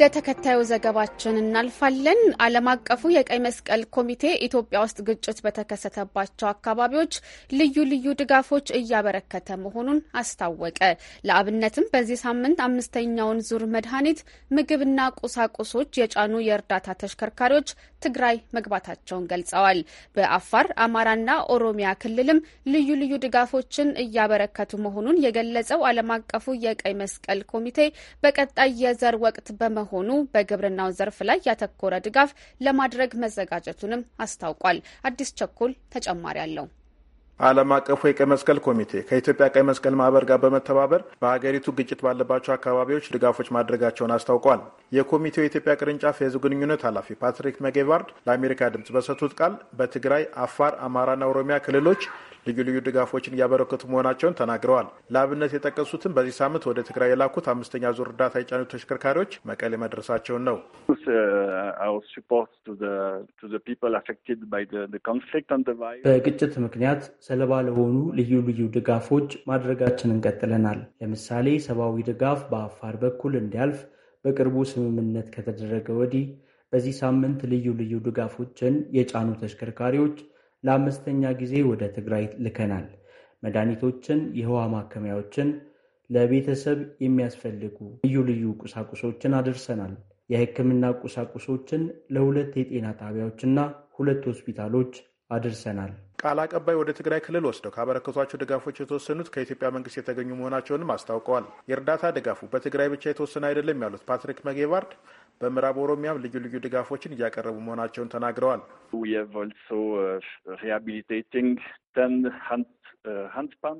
ወደ ተከታዩ ዘገባችን እናልፋለን። ዓለም አቀፉ የቀይ መስቀል ኮሚቴ ኢትዮጵያ ውስጥ ግጭት በተከሰተባቸው አካባቢዎች ልዩ ልዩ ድጋፎች እያበረከተ መሆኑን አስታወቀ። ለአብነትም በዚህ ሳምንት አምስተኛውን ዙር መድኃኒት፣ ምግብና ቁሳቁሶች የጫኑ የእርዳታ ተሽከርካሪዎች ትግራይ መግባታቸውን ገልጸዋል። በአፋር አማራና ኦሮሚያ ክልልም ልዩ ልዩ ድጋፎችን እያበረከቱ መሆኑን የገለጸው ዓለም አቀፉ የቀይ መስቀል ኮሚቴ በቀጣይ የዘር ወቅት በመሆ ሆኑ በግብርናው ዘርፍ ላይ ያተኮረ ድጋፍ ለማድረግ መዘጋጀቱንም አስታውቋል። አዲስ ቸኮል ተጨማሪ አለው። ዓለም አቀፉ የቀይ መስቀል ኮሚቴ ከኢትዮጵያ ቀይ መስቀል ማህበር ጋር በመተባበር በሀገሪቱ ግጭት ባለባቸው አካባቢዎች ድጋፎች ማድረጋቸውን አስታውቋል። የኮሚቴው የኢትዮጵያ ቅርንጫፍ የህዝብ ግንኙነት ኃላፊ ፓትሪክ መጌቫርድ ለአሜሪካ ድምፅ በሰጡት ቃል በትግራይ፣ አፋር፣ አማራና ኦሮሚያ ክልሎች ልዩ ልዩ ድጋፎችን እያበረከቱ መሆናቸውን ተናግረዋል። ለአብነት የጠቀሱትም በዚህ ሳምንት ወደ ትግራይ የላኩት አምስተኛ ዙር እርዳታ የጫኑ ተሽከርካሪዎች መቀሌ መድረሳቸውን ነው። uh, በግጭት ምክንያት ሰለባ ለሆኑ ልዩ ልዩ ድጋፎች ማድረጋችንን ቀጥለናል። ለምሳሌ ሰብአዊ ድጋፍ በአፋር በኩል እንዲያልፍ በቅርቡ ስምምነት ከተደረገ ወዲህ በዚህ ሳምንት ልዩ ልዩ ድጋፎችን የጫኑ ተሽከርካሪዎች ለአምስተኛ ጊዜ ወደ ትግራይ ልከናል። መድኃኒቶችን፣ የህዋ ማከሚያዎችን፣ ለቤተሰብ የሚያስፈልጉ ልዩ ልዩ ቁሳቁሶችን አድርሰናል። የህክምና ቁሳቁሶችን ለሁለት የጤና ጣቢያዎችና ሁለት ሆስፒታሎች አድርሰናል። ቃል አቀባይ ወደ ትግራይ ክልል ወስደው ካበረከቷቸው ድጋፎች የተወሰኑት ከኢትዮጵያ መንግስት የተገኙ መሆናቸውንም አስታውቀዋል። የእርዳታ ድጋፉ በትግራይ ብቻ የተወሰነ አይደለም ያሉት ፓትሪክ መጌባርድ በምዕራብ ኦሮሚያም ልዩ ልዩ ድጋፎችን እያቀረቡ መሆናቸውን ተናግረዋል። uh, uh,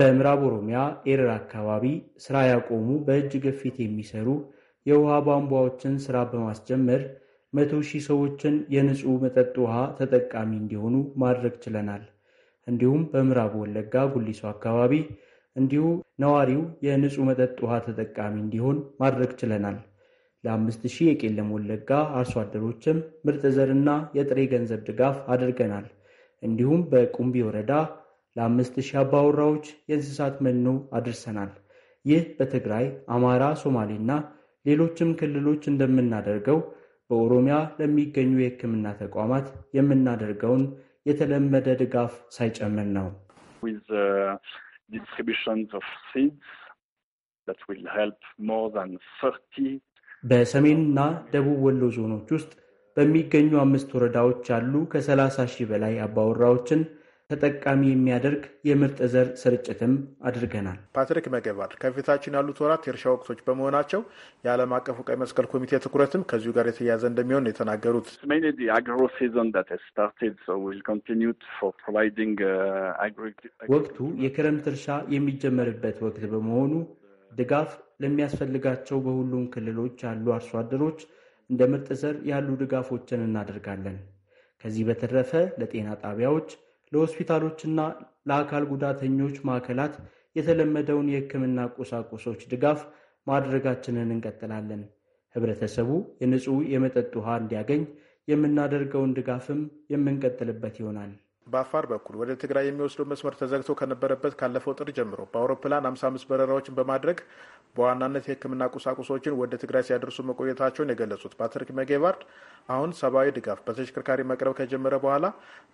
በምዕራብ ኦሮሚያ ኤረር አካባቢ ስራ ያቆሙ በእጅ ግፊት የሚሰሩ የውሃ ቧንቧዎችን ስራ በማስጀመር መቶ ሺህ ሰዎችን የንጹህ መጠጥ ውሃ ተጠቃሚ እንዲሆኑ ማድረግ ችለናል። እንዲሁም በምዕራብ ወለጋ ጉሊሶ አካባቢ እንዲሁ ነዋሪው የንጹህ መጠጥ ውሃ ተጠቃሚ እንዲሆን ማድረግ ችለናል። ለአምስት ሺህ የቄለም ወለጋ አርሶ አደሮችም ምርጥ ዘርና የጥሬ ገንዘብ ድጋፍ አድርገናል። እንዲሁም በቁምቢ ወረዳ ለአምስት ሺህ አባወራዎች የእንስሳት መኖ አድርሰናል። ይህ በትግራይ፣ አማራ፣ ሶማሌና ሌሎችም ክልሎች እንደምናደርገው በኦሮሚያ ለሚገኙ የሕክምና ተቋማት የምናደርገውን የተለመደ ድጋፍ ሳይጨምር ነው። በሰሜንና ደቡብ ወሎ ዞኖች ውስጥ በሚገኙ አምስት ወረዳዎች ያሉ ከ30 ሺህ በላይ አባወራዎችን ተጠቃሚ የሚያደርግ የምርጥ ዘር ስርጭትም አድርገናል። ፓትሪክ መገባል ከፊታችን ያሉት ወራት የእርሻ ወቅቶች በመሆናቸው የዓለም አቀፉ ቀይ መስቀል ኮሚቴ ትኩረትም ከዚሁ ጋር የተያያዘ እንደሚሆን የተናገሩት uh, ወቅቱ የክረምት እርሻ የሚጀመርበት ወቅት በመሆኑ ድጋፍ ለሚያስፈልጋቸው በሁሉም ክልሎች ያሉ አርሶ አደሮች እንደ ምርጥ ዘር ያሉ ድጋፎችን እናደርጋለን። ከዚህ በተረፈ ለጤና ጣቢያዎች፣ ለሆስፒታሎችና ለአካል ጉዳተኞች ማዕከላት የተለመደውን የሕክምና ቁሳቁሶች ድጋፍ ማድረጋችንን እንቀጥላለን። ህብረተሰቡ የንጹህ የመጠጥ ውሃ እንዲያገኝ የምናደርገውን ድጋፍም የምንቀጥልበት ይሆናል። በአፋር በኩል ወደ ትግራይ የሚወስደው መስመር ተዘግቶ ከነበረበት ካለፈው ጥር ጀምሮ በአውሮፕላን 55 በረራዎችን በማድረግ በዋናነት የሕክምና ቁሳቁሶችን ወደ ትግራይ ሲያደርሱ መቆየታቸውን የገለጹት ፓትሪክ መጌቫርድ አሁን ሰብአዊ ድጋፍ በተሽከርካሪ መቅረብ ከጀመረ በኋላ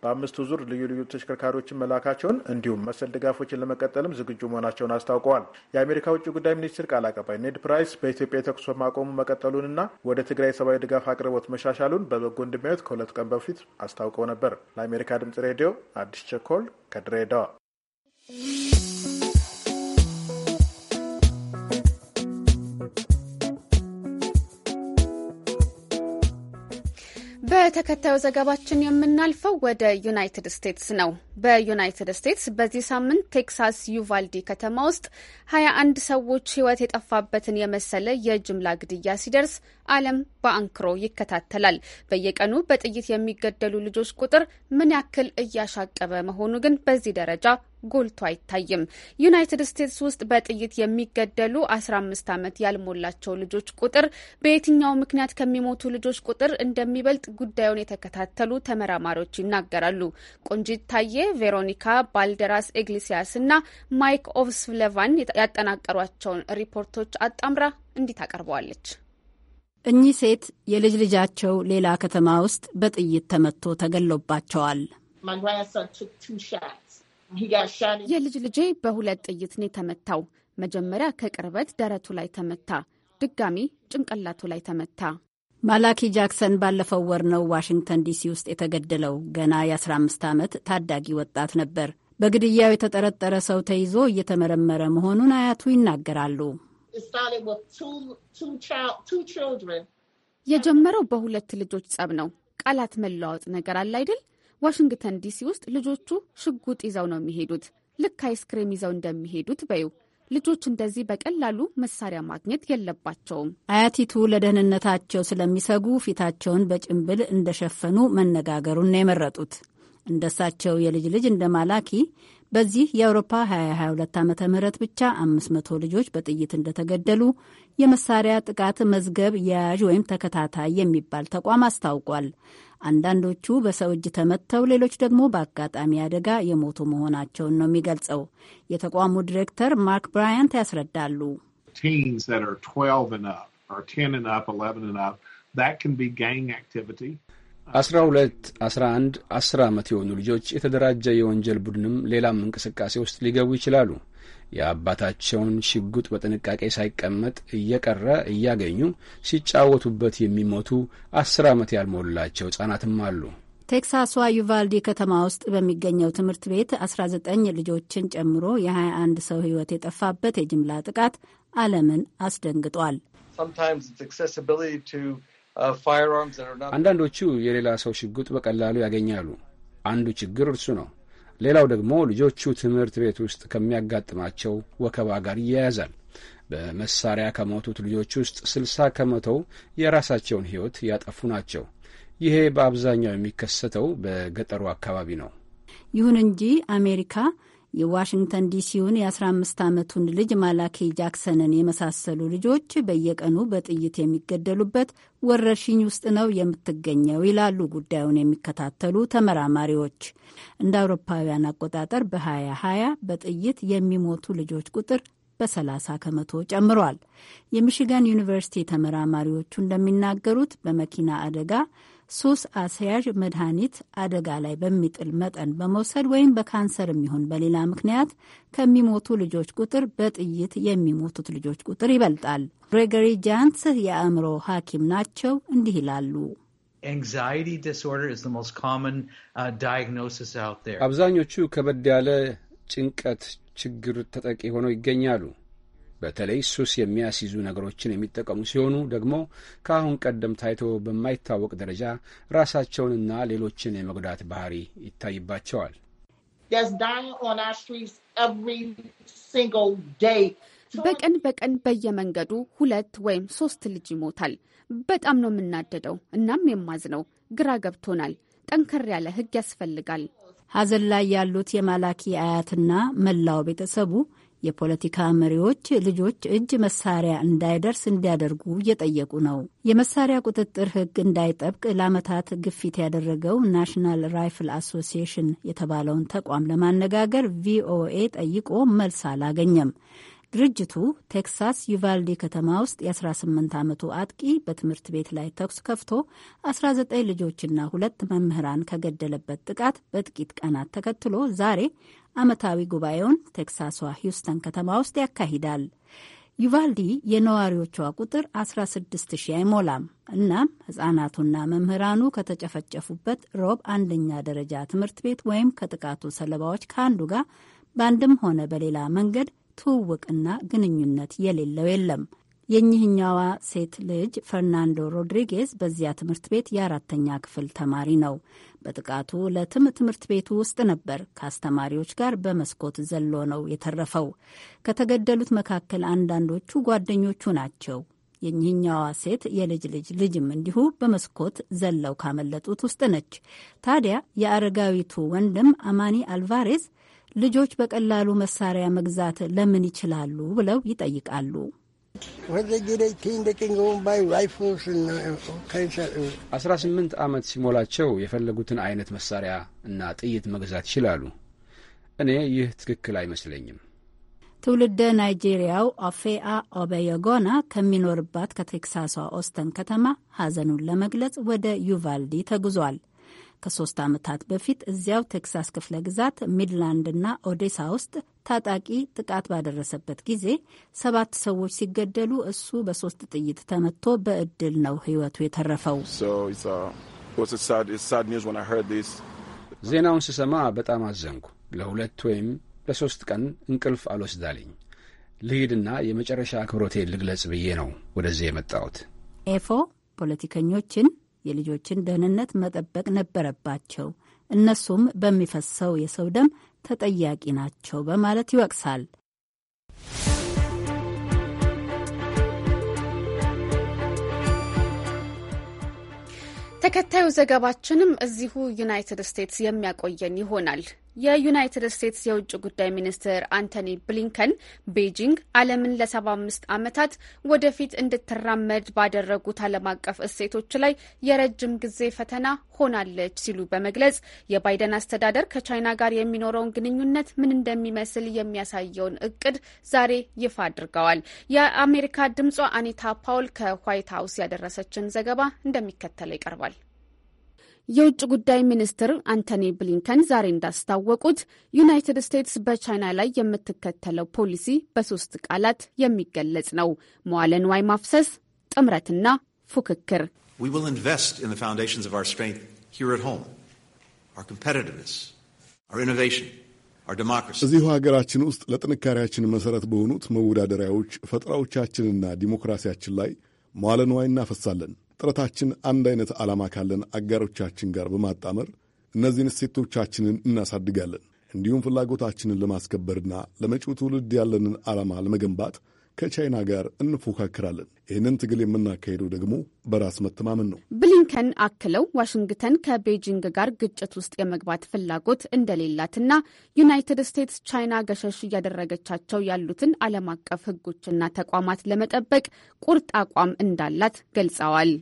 በአምስቱ ዙር ልዩ ልዩ ተሽከርካሪዎችን መላካቸውን እንዲሁም መሰል ድጋፎችን ለመቀጠልም ዝግጁ መሆናቸውን አስታውቀዋል። የአሜሪካ ውጭ ጉዳይ ሚኒስትር ቃል አቀባይ ኔድ ፕራይስ በኢትዮጵያ የተኩስ ማቆሙ መቀጠሉንና ወደ ትግራይ የሰብአዊ ድጋፍ አቅርቦት መሻሻሉን በበጎ እንደሚያዩት ከሁለት ቀን በፊት አስታውቀው ነበር። ለአሜሪካ ድምጽ ሬዲዮ አዲስ ቸኮል ከድሬዳዋ ተከታዩ ዘገባችን የምናልፈው ወደ ዩናይትድ ስቴትስ ነው። በዩናይትድ ስቴትስ በዚህ ሳምንት ቴክሳስ ዩቫልዲ ከተማ ውስጥ ሀያ አንድ ሰዎች ህይወት የጠፋበትን የመሰለ የጅምላ ግድያ ሲደርስ ዓለም በአንክሮ ይከታተላል። በየቀኑ በጥይት የሚገደሉ ልጆች ቁጥር ምን ያክል እያሻቀበ መሆኑ ግን በዚህ ደረጃ ጎልቶ አይታይም። ዩናይትድ ስቴትስ ውስጥ በጥይት የሚገደሉ 15 ዓመት ያልሞላቸው ልጆች ቁጥር በየትኛው ምክንያት ከሚሞቱ ልጆች ቁጥር እንደሚበልጥ ጉዳዩን የተከታተሉ ተመራማሪዎች ይናገራሉ። ቆንጂት ታዬ፣ ቬሮኒካ ባልደራስ ኤግሊሲያስ እና ማይክ ኦቭስቭለቫን ያጠናቀሯቸውን ሪፖርቶች አጣምራ እንዲህ ታቀርበዋለች። እኚህ ሴት የልጅ ልጃቸው ሌላ ከተማ ውስጥ በጥይት ተመቶ ተገሎባቸዋል። የልጅ ልጄ በሁለት ጥይት ነው የተመታው። መጀመሪያ ከቅርበት ደረቱ ላይ ተመታ፣ ድጋሚ ጭንቅላቱ ላይ ተመታ። ማላኪ ጃክሰን ባለፈው ወር ነው ዋሽንግተን ዲሲ ውስጥ የተገደለው። ገና የ15 ዓመት ታዳጊ ወጣት ነበር። በግድያው የተጠረጠረ ሰው ተይዞ እየተመረመረ መሆኑን አያቱ ይናገራሉ። የጀመረው በሁለት ልጆች ጸብ ነው። ቃላት መለዋወጥ ነገር አለ አይደል? ዋሽንግተን ዲሲ ውስጥ ልጆቹ ሽጉጥ ይዘው ነው የሚሄዱት። ልክ አይስክሬም ይዘው እንደሚሄዱት በዩ። ልጆች እንደዚህ በቀላሉ መሳሪያ ማግኘት የለባቸውም። አያቲቱ ለደህንነታቸው ስለሚሰጉ ፊታቸውን በጭንብል እንደሸፈኑ መነጋገሩን ነው የመረጡት። እንደሳቸው የልጅ ልጅ እንደ ማላኪ በዚህ የአውሮፓ 2022 ዓ ም ብቻ 500 ልጆች በጥይት እንደተገደሉ የመሳሪያ ጥቃት መዝገብ የያዥ ወይም ተከታታይ የሚባል ተቋም አስታውቋል። አንዳንዶቹ በሰው እጅ ተመተው ሌሎች ደግሞ በአጋጣሚ አደጋ የሞቱ መሆናቸውን ነው የሚገልጸው። የተቋሙ ዲሬክተር ማርክ ብራያንት ያስረዳሉ። አስራ ሁለት አስራ አንድ አስር ዓመት የሆኑ ልጆች የተደራጀ የወንጀል ቡድንም ሌላም እንቅስቃሴ ውስጥ ሊገቡ ይችላሉ። የአባታቸውን ሽጉጥ በጥንቃቄ ሳይቀመጥ እየቀረ እያገኙ ሲጫወቱበት የሚሞቱ አስር ዓመት ያልሞላቸው ሕጻናትም አሉ። ቴክሳሷ ዩቫልዲ ከተማ ውስጥ በሚገኘው ትምህርት ቤት 19 ልጆችን ጨምሮ የ21 ሰው ሕይወት የጠፋበት የጅምላ ጥቃት ዓለምን አስደንግጧል። uh, አንዳንዶቹ የሌላ ሰው ሽጉጥ በቀላሉ ያገኛሉ። አንዱ ችግር እርሱ ነው። ሌላው ደግሞ ልጆቹ ትምህርት ቤት ውስጥ ከሚያጋጥማቸው ወከባ ጋር ይያያዛል። በመሳሪያ ከሞቱት ልጆች ውስጥ ስልሳ ከመቶው የራሳቸውን ሕይወት ያጠፉ ናቸው። ይሄ በአብዛኛው የሚከሰተው በገጠሩ አካባቢ ነው። ይሁን እንጂ አሜሪካ የዋሽንግተን ዲሲውን የ15 ዓመቱን ልጅ ማላኬ ጃክሰንን የመሳሰሉ ልጆች በየቀኑ በጥይት የሚገደሉበት ወረርሽኝ ውስጥ ነው የምትገኘው ይላሉ ጉዳዩን የሚከታተሉ ተመራማሪዎች። እንደ አውሮፓውያን አቆጣጠር በ2020 በጥይት የሚሞቱ ልጆች ቁጥር በ30 ከመቶ ጨምሯል። የሚሽጋን ዩኒቨርሲቲ ተመራማሪዎቹ እንደሚናገሩት በመኪና አደጋ ሱስ አስያዥ መድኃኒት አደጋ ላይ በሚጥል መጠን በመውሰድ ወይም በካንሰር የሚሆን በሌላ ምክንያት ከሚሞቱ ልጆች ቁጥር በጥይት የሚሞቱት ልጆች ቁጥር ይበልጣል። ግሬገሪ ጃንስ የአእምሮ ሐኪም ናቸው። እንዲህ ይላሉ። uh, አብዛኞቹ ከበድ ያለ ጭንቀት ችግር ተጠቂ ሆነው ይገኛሉ። በተለይ ሱስ የሚያስይዙ ነገሮችን የሚጠቀሙ ሲሆኑ ደግሞ ከአሁን ቀደም ታይቶ በማይታወቅ ደረጃ ራሳቸውንና ሌሎችን የመጉዳት ባህሪ ይታይባቸዋል። በቀን በቀን በየመንገዱ ሁለት ወይም ሶስት ልጅ ይሞታል። በጣም ነው የምናደደው፣ እናም የማዝነው ግራ ገብቶናል። ጠንከር ያለ ሕግ ያስፈልጋል። ሐዘን ላይ ያሉት የማላኪ አያትና መላው ቤተሰቡ የፖለቲካ መሪዎች ልጆች እጅ መሳሪያ እንዳይደርስ እንዲያደርጉ እየጠየቁ ነው። የመሳሪያ ቁጥጥር ሕግ እንዳይጠብቅ ለዓመታት ግፊት ያደረገው ናሽናል ራይፍል አሶሲሽን የተባለውን ተቋም ለማነጋገር ቪኦኤ ጠይቆ መልስ አላገኘም። ድርጅቱ ቴክሳስ ዩቫልዲ ከተማ ውስጥ የ18 ዓመቱ አጥቂ በትምህርት ቤት ላይ ተኩስ ከፍቶ 19 ልጆችና ሁለት መምህራን ከገደለበት ጥቃት በጥቂት ቀናት ተከትሎ ዛሬ ዓመታዊ ጉባኤውን ቴክሳሷ ሂውስተን ከተማ ውስጥ ያካሂዳል። ዩቫልዲ የነዋሪዎቿ ቁጥር 16 ሺህ አይሞላም። እናም ሕጻናቱና መምህራኑ ከተጨፈጨፉበት ሮብ አንደኛ ደረጃ ትምህርት ቤት ወይም ከጥቃቱ ሰለባዎች ከአንዱ ጋር በአንድም ሆነ በሌላ መንገድ ትውውቅና ግንኙነት የሌለው የለም። የእኚህኛዋ ሴት ልጅ ፈርናንዶ ሮድሪጌዝ በዚያ ትምህርት ቤት የአራተኛ ክፍል ተማሪ ነው። በጥቃቱ ዕለትም ትምህርት ቤቱ ውስጥ ነበር። ከአስተማሪዎች ጋር በመስኮት ዘሎ ነው የተረፈው። ከተገደሉት መካከል አንዳንዶቹ ጓደኞቹ ናቸው። የኚህኛዋ ሴት የልጅ ልጅ ልጅም እንዲሁ በመስኮት ዘለው ካመለጡት ውስጥ ነች። ታዲያ የአረጋዊቱ ወንድም አማኒ አልቫሬዝ ልጆች በቀላሉ መሳሪያ መግዛት ለምን ይችላሉ ብለው ይጠይቃሉ። አስራ ስምንት ዓመት ሲሞላቸው የፈለጉትን አይነት መሳሪያ እና ጥይት መግዛት ይችላሉ። እኔ ይህ ትክክል አይመስለኝም። ትውልደ ናይጄሪያው ኦፌአ ኦበየጎና ከሚኖርባት ከቴክሳሷ ኦስተን ከተማ ሐዘኑን ለመግለጽ ወደ ዩቫልዲ ተጉዟል። ከሶስት ዓመታት በፊት እዚያው ቴክሳስ ክፍለ ግዛት ሚድላንድና ኦዴሳ ውስጥ ታጣቂ ጥቃት ባደረሰበት ጊዜ ሰባት ሰዎች ሲገደሉ እሱ በሶስት ጥይት ተመቶ በእድል ነው ሕይወቱ የተረፈው። uh, ዜናውን ስሰማ በጣም አዘንኩ። ለሁለት ወይም ለሶስት ቀን እንቅልፍ አልወስዳልኝ። ልሂድና የመጨረሻ አክብሮቴን ልግለጽ ብዬ ነው ወደዚህ የመጣሁት። ኤፎ ፖለቲከኞችን የልጆችን ደህንነት መጠበቅ ነበረባቸው። እነሱም በሚፈሰው የሰው ደም ተጠያቂ ናቸው በማለት ይወቅሳል። ተከታዩ ዘገባችንም እዚሁ ዩናይትድ ስቴትስ የሚያቆየን ይሆናል። የዩናይትድ ስቴትስ የውጭ ጉዳይ ሚኒስትር አንቶኒ ብሊንከን ቤጂንግ ዓለምን ለሰባ 75 ዓመታት ወደፊት እንድትራመድ ባደረጉት ዓለም አቀፍ እሴቶች ላይ የረጅም ጊዜ ፈተና ሆናለች ሲሉ በመግለጽ የባይደን አስተዳደር ከቻይና ጋር የሚኖረውን ግንኙነት ምን እንደሚመስል የሚያሳየውን እቅድ ዛሬ ይፋ አድርገዋል። የአሜሪካ ድምጿ አኒታ ፓውል ከዋይት ሀውስ ያደረሰችን ዘገባ እንደሚከተለው ይቀርባል። የውጭ ጉዳይ ሚኒስትር አንቶኒ ብሊንከን ዛሬ እንዳስታወቁት ዩናይትድ ስቴትስ በቻይና ላይ የምትከተለው ፖሊሲ በሶስት ቃላት የሚገለጽ ነው። መዋለ ንዋይ ማፍሰስ፣ ጥምረትና ፉክክር። እዚሁ ሀገራችን ውስጥ ለጥንካሬያችን መሠረት በሆኑት መወዳደሪያዎች፣ ፈጠራዎቻችንና ዲሞክራሲያችን ላይ መዋለ ንዋይ እናፈሳለን። ጥረታችን አንድ አይነት ዓላማ ካለን አጋሮቻችን ጋር በማጣመር እነዚህን እሴቶቻችንን እናሳድጋለን። እንዲሁም ፍላጎታችንን ለማስከበርና ለመጪው ትውልድ ያለንን ዓላማ ለመገንባት ከቻይና ጋር እንፎካክራለን። ይህንን ትግል የምናካሄደው ደግሞ በራስ መተማመን ነው። ብሊንከን አክለው ዋሽንግተን ከቤጂንግ ጋር ግጭት ውስጥ የመግባት ፍላጎት እንደሌላትና ዩናይትድ ስቴትስ ቻይና ገሸሽ እያደረገቻቸው ያሉትን ዓለም አቀፍ ሕጎችና ተቋማት ለመጠበቅ ቁርጥ አቋም እንዳላት ገልጸዋል።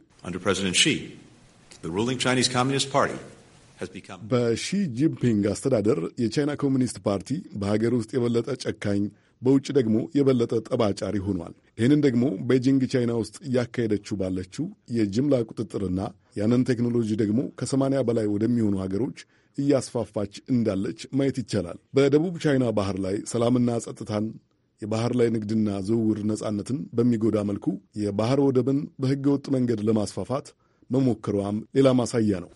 በሺ ጂንፒንግ አስተዳደር የቻይና ኮሚኒስት ፓርቲ በሀገር ውስጥ የበለጠ ጨካኝ፣ በውጭ ደግሞ የበለጠ ጠባጫሪ ሆኗል። ይህንን ደግሞ ቤጂንግ ቻይና ውስጥ እያካሄደችው ባለችው የጅምላ ቁጥጥርና ያንን ቴክኖሎጂ ደግሞ ከሰማንያ በላይ ወደሚሆኑ ሀገሮች እያስፋፋች እንዳለች ማየት ይቻላል። በደቡብ ቻይና ባህር ላይ ሰላምና ጸጥታን የባህር ላይ ንግድና ዝውውር ነጻነትን በሚጎዳ መልኩ የባህር ወደብን በሕገ ወጥ መንገድ ለማስፋፋት መሞከሯም ሌላ ማሳያ ነው።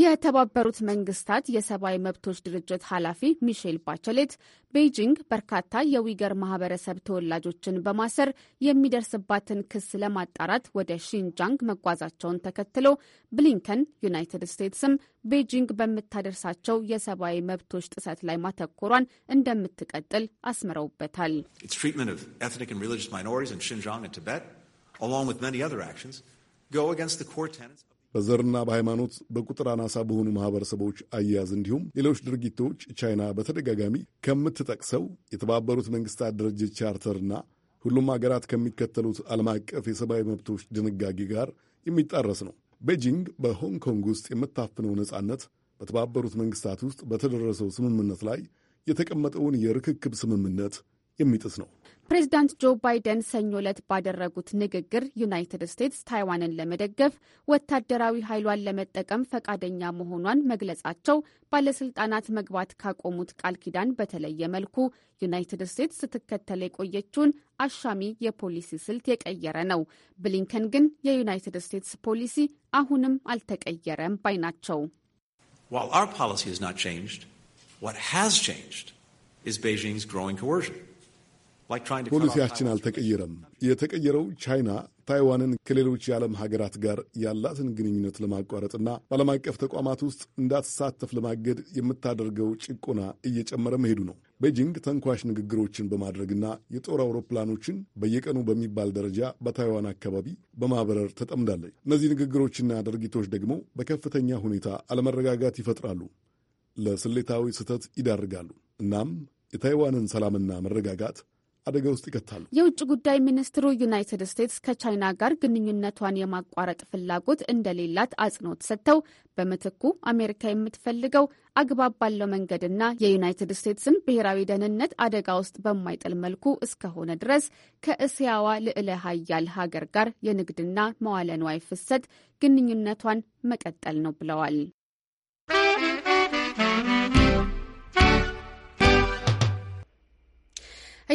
የተባበሩት መንግስታት የሰብአዊ መብቶች ድርጅት ኃላፊ ሚሼል ባቸሌት ቤጂንግ በርካታ የዊገር ማህበረሰብ ተወላጆችን በማሰር የሚደርስባትን ክስ ለማጣራት ወደ ሺንጃንግ መጓዛቸውን ተከትሎ ብሊንከን ዩናይትድ ስቴትስም ቤጂንግ በምታደርሳቸው የሰብአዊ መብቶች ጥሰት ላይ ማተኮሯን እንደምትቀጥል አስምረውበታል። በዘርና በሃይማኖት በቁጥር አናሳ በሆኑ ማህበረሰቦች አያያዝ እንዲሁም ሌሎች ድርጊቶች ቻይና በተደጋጋሚ ከምትጠቅሰው የተባበሩት መንግስታት ድርጅት ቻርተርና ሁሉም ሀገራት ከሚከተሉት ዓለም አቀፍ የሰብአዊ መብቶች ድንጋጌ ጋር የሚጣረስ ነው። ቤጂንግ በሆንግ ኮንግ ውስጥ የምታፍነው ነጻነት በተባበሩት መንግስታት ውስጥ በተደረሰው ስምምነት ላይ የተቀመጠውን የርክክብ ስምምነት የሚጥስ ነው። ፕሬዚዳንት ጆ ባይደን ሰኞ ዕለት ባደረጉት ንግግር ዩናይትድ ስቴትስ ታይዋንን ለመደገፍ ወታደራዊ ኃይሏን ለመጠቀም ፈቃደኛ መሆኗን መግለጻቸው ባለስልጣናት መግባት ካቆሙት ቃል ኪዳን በተለየ መልኩ ዩናይትድ ስቴትስ ስትከተል የቆየችውን አሻሚ የፖሊሲ ስልት የቀየረ ነው። ብሊንከን ግን የዩናይትድ ስቴትስ ፖሊሲ አሁንም አልተቀየረም ባይ ናቸው። While our policy has not changed, what has changed is Beijing's growing coercion. ፖሊሲያችን አልተቀየረም። የተቀየረው ቻይና ታይዋንን ከሌሎች የዓለም ሀገራት ጋር ያላትን ግንኙነት ለማቋረጥና በዓለም አቀፍ ተቋማት ውስጥ እንዳትሳተፍ ለማገድ የምታደርገው ጭቆና እየጨመረ መሄዱ ነው። ቤጂንግ ተንኳሽ ንግግሮችን በማድረግና የጦር አውሮፕላኖችን በየቀኑ በሚባል ደረጃ በታይዋን አካባቢ በማበረር ተጠምዳለች። እነዚህ ንግግሮችና ድርጊቶች ደግሞ በከፍተኛ ሁኔታ አለመረጋጋት ይፈጥራሉ፣ ለስሌታዊ ስህተት ይዳርጋሉ። እናም የታይዋንን ሰላምና መረጋጋት አደጋ ውስጥ ይከታሉ። የውጭ ጉዳይ ሚኒስትሩ ዩናይትድ ስቴትስ ከቻይና ጋር ግንኙነቷን የማቋረጥ ፍላጎት እንደሌላት አጽንኦት ሰጥተው በምትኩ አሜሪካ የምትፈልገው አግባብ ባለው መንገድና የዩናይትድ ስቴትስን ብሔራዊ ደህንነት አደጋ ውስጥ በማይጥል መልኩ እስከሆነ ድረስ ከእስያዋ ልዕለ ሀያል ሀገር ጋር የንግድና መዋለ ንዋይ ፍሰት ግንኙነቷን መቀጠል ነው ብለዋል።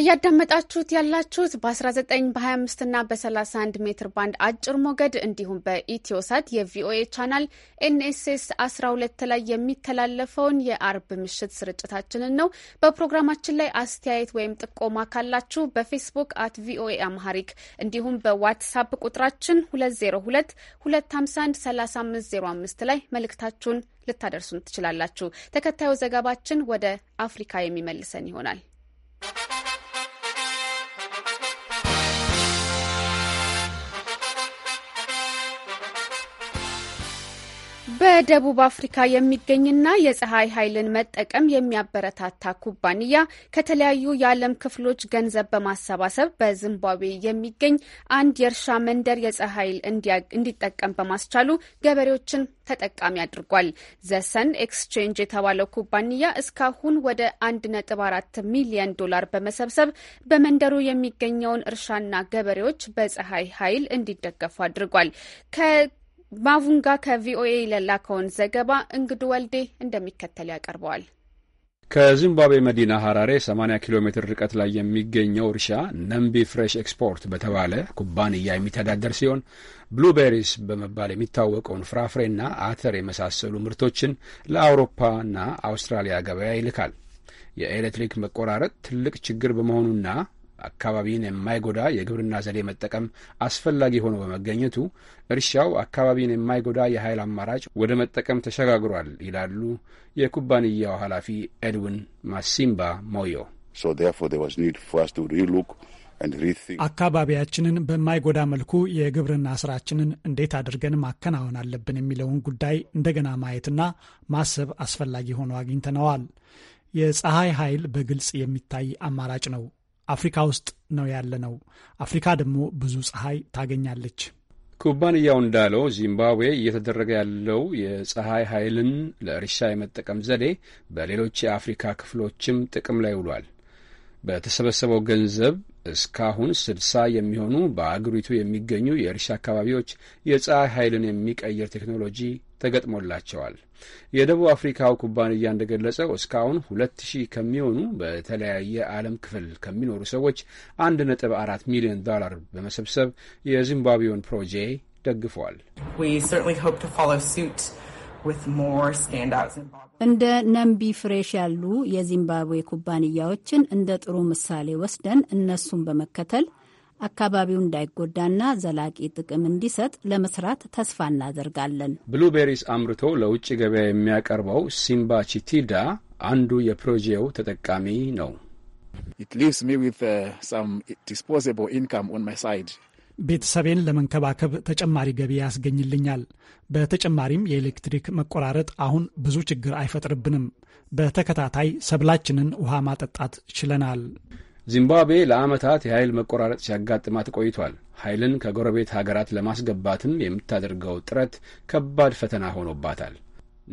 እያዳመጣችሁት ያላችሁት በ19 በ25 እና በ31 ሜትር ባንድ አጭር ሞገድ እንዲሁም በኢትዮሳት የቪኦኤ ቻናል ኤንኤስኤስ 12 ላይ የሚተላለፈውን የአርብ ምሽት ስርጭታችንን ነው። በፕሮግራማችን ላይ አስተያየት ወይም ጥቆማ ካላችሁ በፌስቡክ አት ቪኦኤ አምሃሪክ እንዲሁም በዋትሳፕ ቁጥራችን 2022513505 ላይ መልእክታችሁን ልታደርሱን ትችላላችሁ። ተከታዩ ዘገባችን ወደ አፍሪካ የሚመልሰን ይሆናል። በደቡብ አፍሪካ የሚገኝና የፀሐይ ኃይልን መጠቀም የሚያበረታታ ኩባንያ ከተለያዩ የዓለም ክፍሎች ገንዘብ በማሰባሰብ በዚምባብዌ የሚገኝ አንድ የእርሻ መንደር የፀሐይ ኃይል እንዲጠቀም በማስቻሉ ገበሬዎችን ተጠቃሚ አድርጓል። ዘሰን ኤክስቼንጅ የተባለው ኩባንያ እስካሁን ወደ 1.4 ሚሊዮን ዶላር በመሰብሰብ በመንደሩ የሚገኘውን እርሻና ገበሬዎች በፀሐይ ኃይል እንዲደገፉ አድርጓል። ባቡንጋ ከቪኦኤ ለላከውን ዘገባ እንግዱ ወልዴ እንደሚከተል ያቀርበዋል። ከዚምባብዌ መዲና ሀራሬ 80 ኪሎ ሜትር ርቀት ላይ የሚገኘው እርሻ ነምቢ ፍሬሽ ኤክስፖርት በተባለ ኩባንያ የሚተዳደር ሲሆን ብሉቤሪስ በመባል የሚታወቀውን ፍራፍሬና አተር የመሳሰሉ ምርቶችን ለአውሮፓና አውስትራሊያ ገበያ ይልካል። የኤሌክትሪክ መቆራረጥ ትልቅ ችግር በመሆኑና አካባቢን የማይጎዳ የግብርና ዘዴ መጠቀም አስፈላጊ ሆኖ በመገኘቱ እርሻው አካባቢን የማይጎዳ የኃይል አማራጭ ወደ መጠቀም ተሸጋግሯል ይላሉ የኩባንያው ኃላፊ ኤድዊን ማሲምባ ሞዮ። አካባቢያችንን በማይጎዳ መልኩ የግብርና ስራችንን እንዴት አድርገን ማከናወን አለብን የሚለውን ጉዳይ እንደገና ማየትና ማሰብ አስፈላጊ ሆኖ አግኝተነዋል። የፀሐይ ኃይል በግልጽ የሚታይ አማራጭ ነው። አፍሪካ ውስጥ ነው ያለነው። አፍሪካ ደግሞ ብዙ ፀሐይ ታገኛለች። ኩባንያው እንዳለው ዚምባብዌ እየተደረገ ያለው የፀሐይ ኃይልን ለእርሻ የመጠቀም ዘዴ በሌሎች የአፍሪካ ክፍሎችም ጥቅም ላይ ውሏል። በተሰበሰበው ገንዘብ እስካሁን ስድሳ የሚሆኑ በአገሪቱ የሚገኙ የእርሻ አካባቢዎች የፀሐይ ኃይልን የሚቀይር ቴክኖሎጂ ተገጥሞላቸዋል። የደቡብ አፍሪካው ኩባንያ እንደገለጸው እስካሁን ሁለት ሺህ ከሚሆኑ በተለያየ ዓለም ክፍል ከሚኖሩ ሰዎች አንድ ነጥብ አራት ሚሊዮን ዶላር በመሰብሰብ የዚምባብዌውን ፕሮጄ ደግፏል። እንደ ነምቢ ፍሬሽ ያሉ የዚምባብዌ ኩባንያዎችን እንደ ጥሩ ምሳሌ ወስደን እነሱን በመከተል አካባቢው እንዳይጎዳና ዘላቂ ጥቅም እንዲሰጥ ለመስራት ተስፋ እናደርጋለን። ብሉቤሪስ አምርቶ ለውጭ ገበያ የሚያቀርበው ሲምባ ቺቲዳ አንዱ የፕሮጄው ተጠቃሚ ነው። uh, ቤተሰቤን ለመንከባከብ ተጨማሪ ገቢ ያስገኝልኛል። በተጨማሪም የኤሌክትሪክ መቆራረጥ አሁን ብዙ ችግር አይፈጥርብንም። በተከታታይ ሰብላችንን ውሃ ማጠጣት ችለናል። ዚምባብዌ ለዓመታት የኃይል መቆራረጥ ሲያጋጥማት ቆይቷል። ኃይልን ከጎረቤት ሀገራት ለማስገባትም የምታደርገው ጥረት ከባድ ፈተና ሆኖባታል።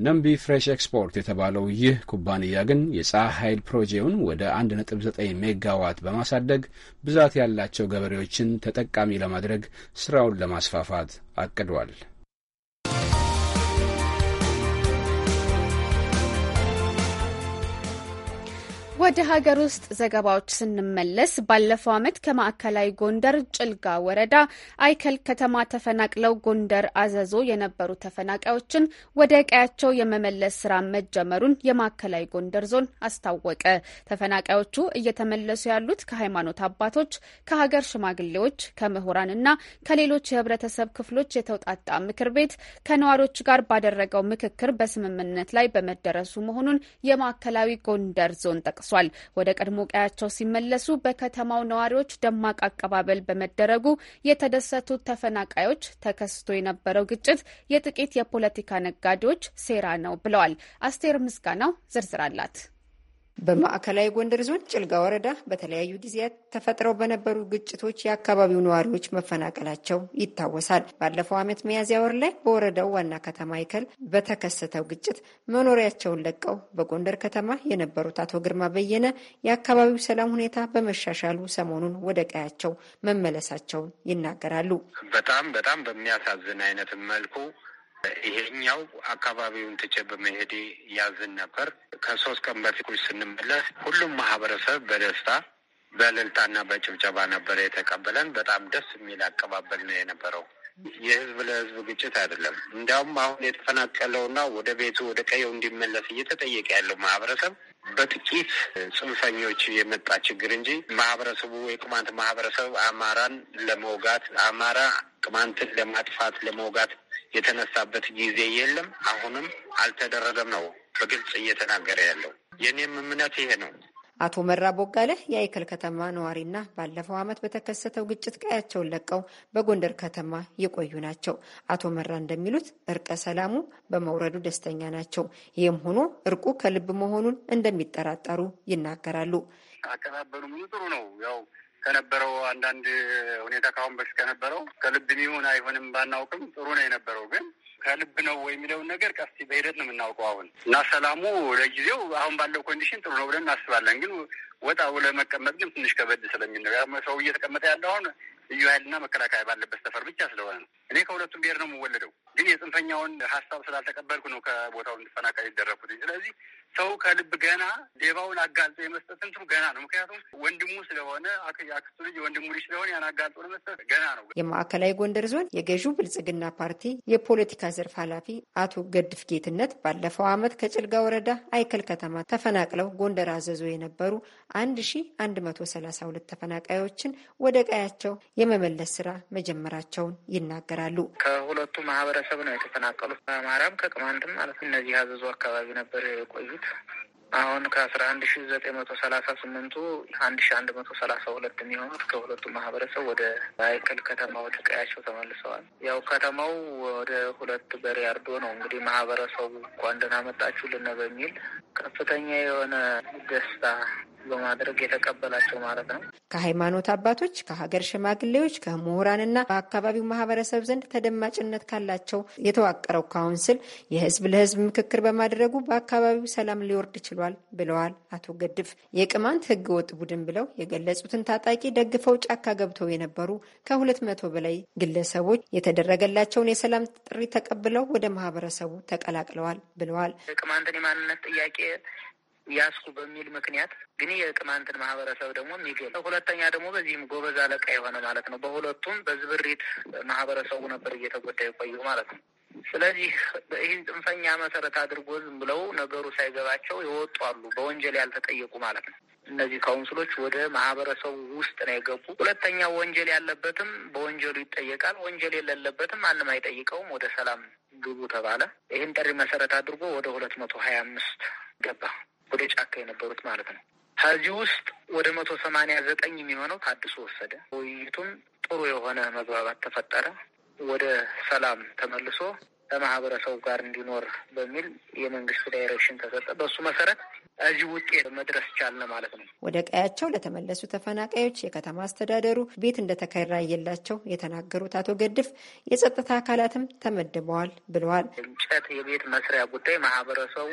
ነምቢ ፍሬሽ ኤክስፖርት የተባለው ይህ ኩባንያ ግን የፀሐይ ኃይል ፕሮጄውን ወደ 1.9 ሜጋዋት በማሳደግ ብዛት ያላቸው ገበሬዎችን ተጠቃሚ ለማድረግ ስራውን ለማስፋፋት አቅዷል። ወደ ሀገር ውስጥ ዘገባዎች ስንመለስ ባለፈው ዓመት ከማዕከላዊ ጎንደር ጭልጋ ወረዳ አይከል ከተማ ተፈናቅለው ጎንደር አዘዞ የነበሩ ተፈናቃዮችን ወደ ቀያቸው የመመለስ ስራ መጀመሩን የማዕከላዊ ጎንደር ዞን አስታወቀ። ተፈናቃዮቹ እየተመለሱ ያሉት ከሃይማኖት አባቶች፣ ከሀገር ሽማግሌዎች፣ ከምሁራንና ከሌሎች የህብረተሰብ ክፍሎች የተውጣጣ ምክር ቤት ከነዋሪዎች ጋር ባደረገው ምክክር በስምምነት ላይ በመደረሱ መሆኑን የማዕከላዊ ጎንደር ዞን ጠቅሷል። ተመልሷል። ወደ ቀድሞ ቀያቸው ሲመለሱ በከተማው ነዋሪዎች ደማቅ አቀባበል በመደረጉ የተደሰቱ ተፈናቃዮች ተከስቶ የነበረው ግጭት የጥቂት የፖለቲካ ነጋዴዎች ሴራ ነው ብለዋል። አስቴር ምስጋናው ዝርዝር አላት። በማዕከላዊ ጎንደር ዞን ጭልጋ ወረዳ በተለያዩ ጊዜያት ተፈጥረው በነበሩ ግጭቶች የአካባቢው ነዋሪዎች መፈናቀላቸው ይታወሳል። ባለፈው ዓመት ሚያዝያ ወር ላይ በወረዳው ዋና ከተማ ይከል በተከሰተው ግጭት መኖሪያቸውን ለቀው በጎንደር ከተማ የነበሩት አቶ ግርማ በየነ የአካባቢው ሰላም ሁኔታ በመሻሻሉ ሰሞኑን ወደ ቀያቸው መመለሳቸውን ይናገራሉ። በጣም በጣም በሚያሳዝን አይነት መልኩ ይሄኛው አካባቢውን ትቼ በመሄዴ ያዝን ነበር። ከሶስት ቀን በፊት ስንመለስ ሁሉም ማህበረሰብ በደስታ በእልልታና በጭብጨባ ነበረ የተቀበለን። በጣም ደስ የሚል አቀባበል ነው የነበረው። የህዝብ ለህዝብ ግጭት አይደለም። እንዲያውም አሁን የተፈናቀለውና ወደ ቤቱ ወደ ቀየው እንዲመለስ እየተጠየቀ ያለው ማህበረሰብ በጥቂት ጽንፈኞች የመጣ ችግር እንጂ ማህበረሰቡ የቅማንት ማህበረሰብ አማራን ለመውጋት አማራ ቅማንትን ለማጥፋት ለመውጋት የተነሳበት ጊዜ የለም፣ አሁንም አልተደረገም ነው በግልጽ እየተናገረ ያለው። የኔም እምነት ይሄ ነው። አቶ መራ ቦጋለህ የአይክል ከተማ ነዋሪና ባለፈው ዓመት በተከሰተው ግጭት ቀያቸውን ለቀው በጎንደር ከተማ የቆዩ ናቸው። አቶ መራ እንደሚሉት እርቀ ሰላሙ በመውረዱ ደስተኛ ናቸው። ይህም ሆኖ እርቁ ከልብ መሆኑን እንደሚጠራጠሩ ይናገራሉ። አቀባበሉ ጥሩ ነው ያው ከነበረው አንዳንድ ሁኔታ ከአሁን በፊት ከነበረው ከልብ የሚሆን አይሆንም ባናውቅም ጥሩ ነው የነበረው ግን ከልብ ነው ወይ የሚለውን ነገር ቀስ በሂደት ነው የምናውቀው አሁን እና ሰላሙ ለጊዜው አሁን ባለው ኮንዲሽን ጥሩ ነው ብለን እናስባለን። ግን ወጣ ብሎ መቀመጥ ግን ትንሽ ከበድ ስለሚነው ሰው እየተቀመጠ ያለው አሁን ልዩ ኃይልና መከላከያ ባለበት ሰፈር ብቻ ስለሆነ ነው። እኔ ከሁለቱም ብሔር ነው የምወለደው፣ ግን የጽንፈኛውን ሀሳብ ስላልተቀበልኩ ነው ከቦታው እንድፈናቀል ይደረግኩት። ስለዚህ ሰው ከልብ ገና ሌባውን አጋልጦ የመስጠት እንትኑ ገና ነው። ምክንያቱም ወንድሙ ስለሆነ አክስቱ ልጅ ወንድሙ ልጅ ስለሆነ ያን አጋልጦ ለመስጠት ገና ነው። የማዕከላዊ ጎንደር ዞን የገዢው ብልጽግና ፓርቲ የፖለቲካ ዘርፍ ኃላፊ አቶ ገድፍ ጌትነት ባለፈው ዓመት ከጭልጋ ወረዳ አይከል ከተማ ተፈናቅለው ጎንደር አዘዞ የነበሩ 1132 ተፈናቃዮችን ወደ ቀያቸው የመመለስ ስራ መጀመራቸውን ይናገራሉ። ከሁለቱ ማህበረሰብ ነው የተፈናቀሉት፣ በአማራም ከቅማንትም ማለት እነዚህ አዘዞ አካባቢ ነበር የቆዩት። አሁን ከአስራ አንድ ሺ ዘጠኝ መቶ ሰላሳ ስምንቱ አንድ ሺ አንድ መቶ ሰላሳ ሁለት የሚሆኑት ከሁለቱ ማህበረሰብ ወደ አይክል ከተማ ወደ ቀያቸው ተመልሰዋል። ያው ከተማው ወደ ሁለት በሬ አርዶ ነው እንግዲህ ማህበረሰቡ እንኳን ደህና መጣችሁልን በሚል ከፍተኛ የሆነ ደስታ በማድረግ የተቀበላቸው ማለት ነው። ከሃይማኖት አባቶች፣ ከሀገር ሽማግሌዎች፣ ከምሁራንና በአካባቢው ማህበረሰብ ዘንድ ተደማጭነት ካላቸው የተዋቀረው ካውንስል የህዝብ ለህዝብ ምክክር በማድረጉ በአካባቢው ሰላም ሊወርድ ችሏል ብለዋል አቶ ገድፍ። የቅማንት ህገ ወጥ ቡድን ብለው የገለጹትን ታጣቂ ደግፈው ጫካ ገብተው የነበሩ ከሁለት መቶ በላይ ግለሰቦች የተደረገላቸውን የሰላም ጥሪ ተቀብለው ወደ ማህበረሰቡ ተቀላቅለዋል ብለዋል። ቅማንትን የማንነት ጥያቄ ያስኩ በሚል ምክንያት ግን የቅማንትን ማህበረሰብ ደግሞ የሚገል ሁለተኛ ደግሞ በዚህም ጎበዝ አለቃ የሆነ ማለት ነው። በሁለቱም በዝብሪት ማህበረሰቡ ነበር እየተጎዳ የቆየው ማለት ነው። ስለዚህ ይህን ጽንፈኛ መሰረት አድርጎ ዝም ብለው ነገሩ ሳይገባቸው የወጡ አሉ፣ በወንጀል ያልተጠየቁ ማለት ነው። እነዚህ ካውንስሎች ወደ ማህበረሰቡ ውስጥ ነው የገቡ። ሁለተኛ ወንጀል ያለበትም በወንጀሉ ይጠየቃል፣ ወንጀል የሌለበትም ማንም አይጠይቀውም። ወደ ሰላም ግቡ ተባለ። ይህን ጥሪ መሰረት አድርጎ ወደ ሁለት መቶ ሀያ አምስት ገባ። ወደ ጫካ የነበሩት ማለት ነው። ከዚህ ውስጥ ወደ መቶ ሰማንያ ዘጠኝ የሚሆነው ታድሶ ወሰደ። ውይይቱም ጥሩ የሆነ መግባባት ተፈጠረ። ወደ ሰላም ተመልሶ ከማህበረሰቡ ጋር እንዲኖር በሚል የመንግስት ዳይሬክሽን ተሰጠ። በሱ መሰረት እዚህ ውጤት መድረስ ቻለ ማለት ነው። ወደ ቀያቸው ለተመለሱ ተፈናቃዮች የከተማ አስተዳደሩ ቤት እንደተከራየላቸው የተናገሩት አቶ ገድፍ የጸጥታ አካላትም ተመድበዋል ብለዋል። እንጨት የቤት መስሪያ ጉዳይ ማህበረሰቡ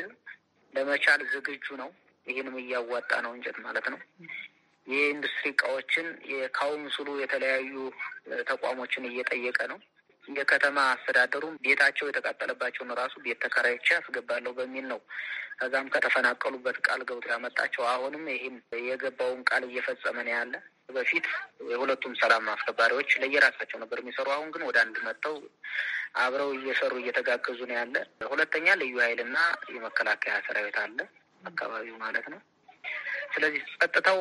ለመቻል ዝግጁ ነው። ይህንም እያዋጣ ነው እንጨት ማለት ነው። የኢንዱስትሪ እቃዎችን የካውንስሉ የተለያዩ ተቋሞችን እየጠየቀ ነው። የከተማ አስተዳደሩ ቤታቸው የተቃጠለባቸውን ራሱ ቤት ተከራይቼ ያስገባለሁ በሚል ነው። ከዛም ከተፈናቀሉበት ቃል ገብቶ ያመጣቸው አሁንም ይህም የገባውን ቃል እየፈጸመ ነው ያለ በፊት የሁለቱም ሰላም አስከባሪዎች ለየራሳቸው ነበር የሚሰሩ። አሁን ግን ወደ አንድ መጥተው አብረው እየሰሩ እየተጋገዙ ነው ያለ። ሁለተኛ ልዩ ኃይልና የመከላከያ ሰራዊት አለ አካባቢው ማለት ነው። ስለዚህ ጸጥታው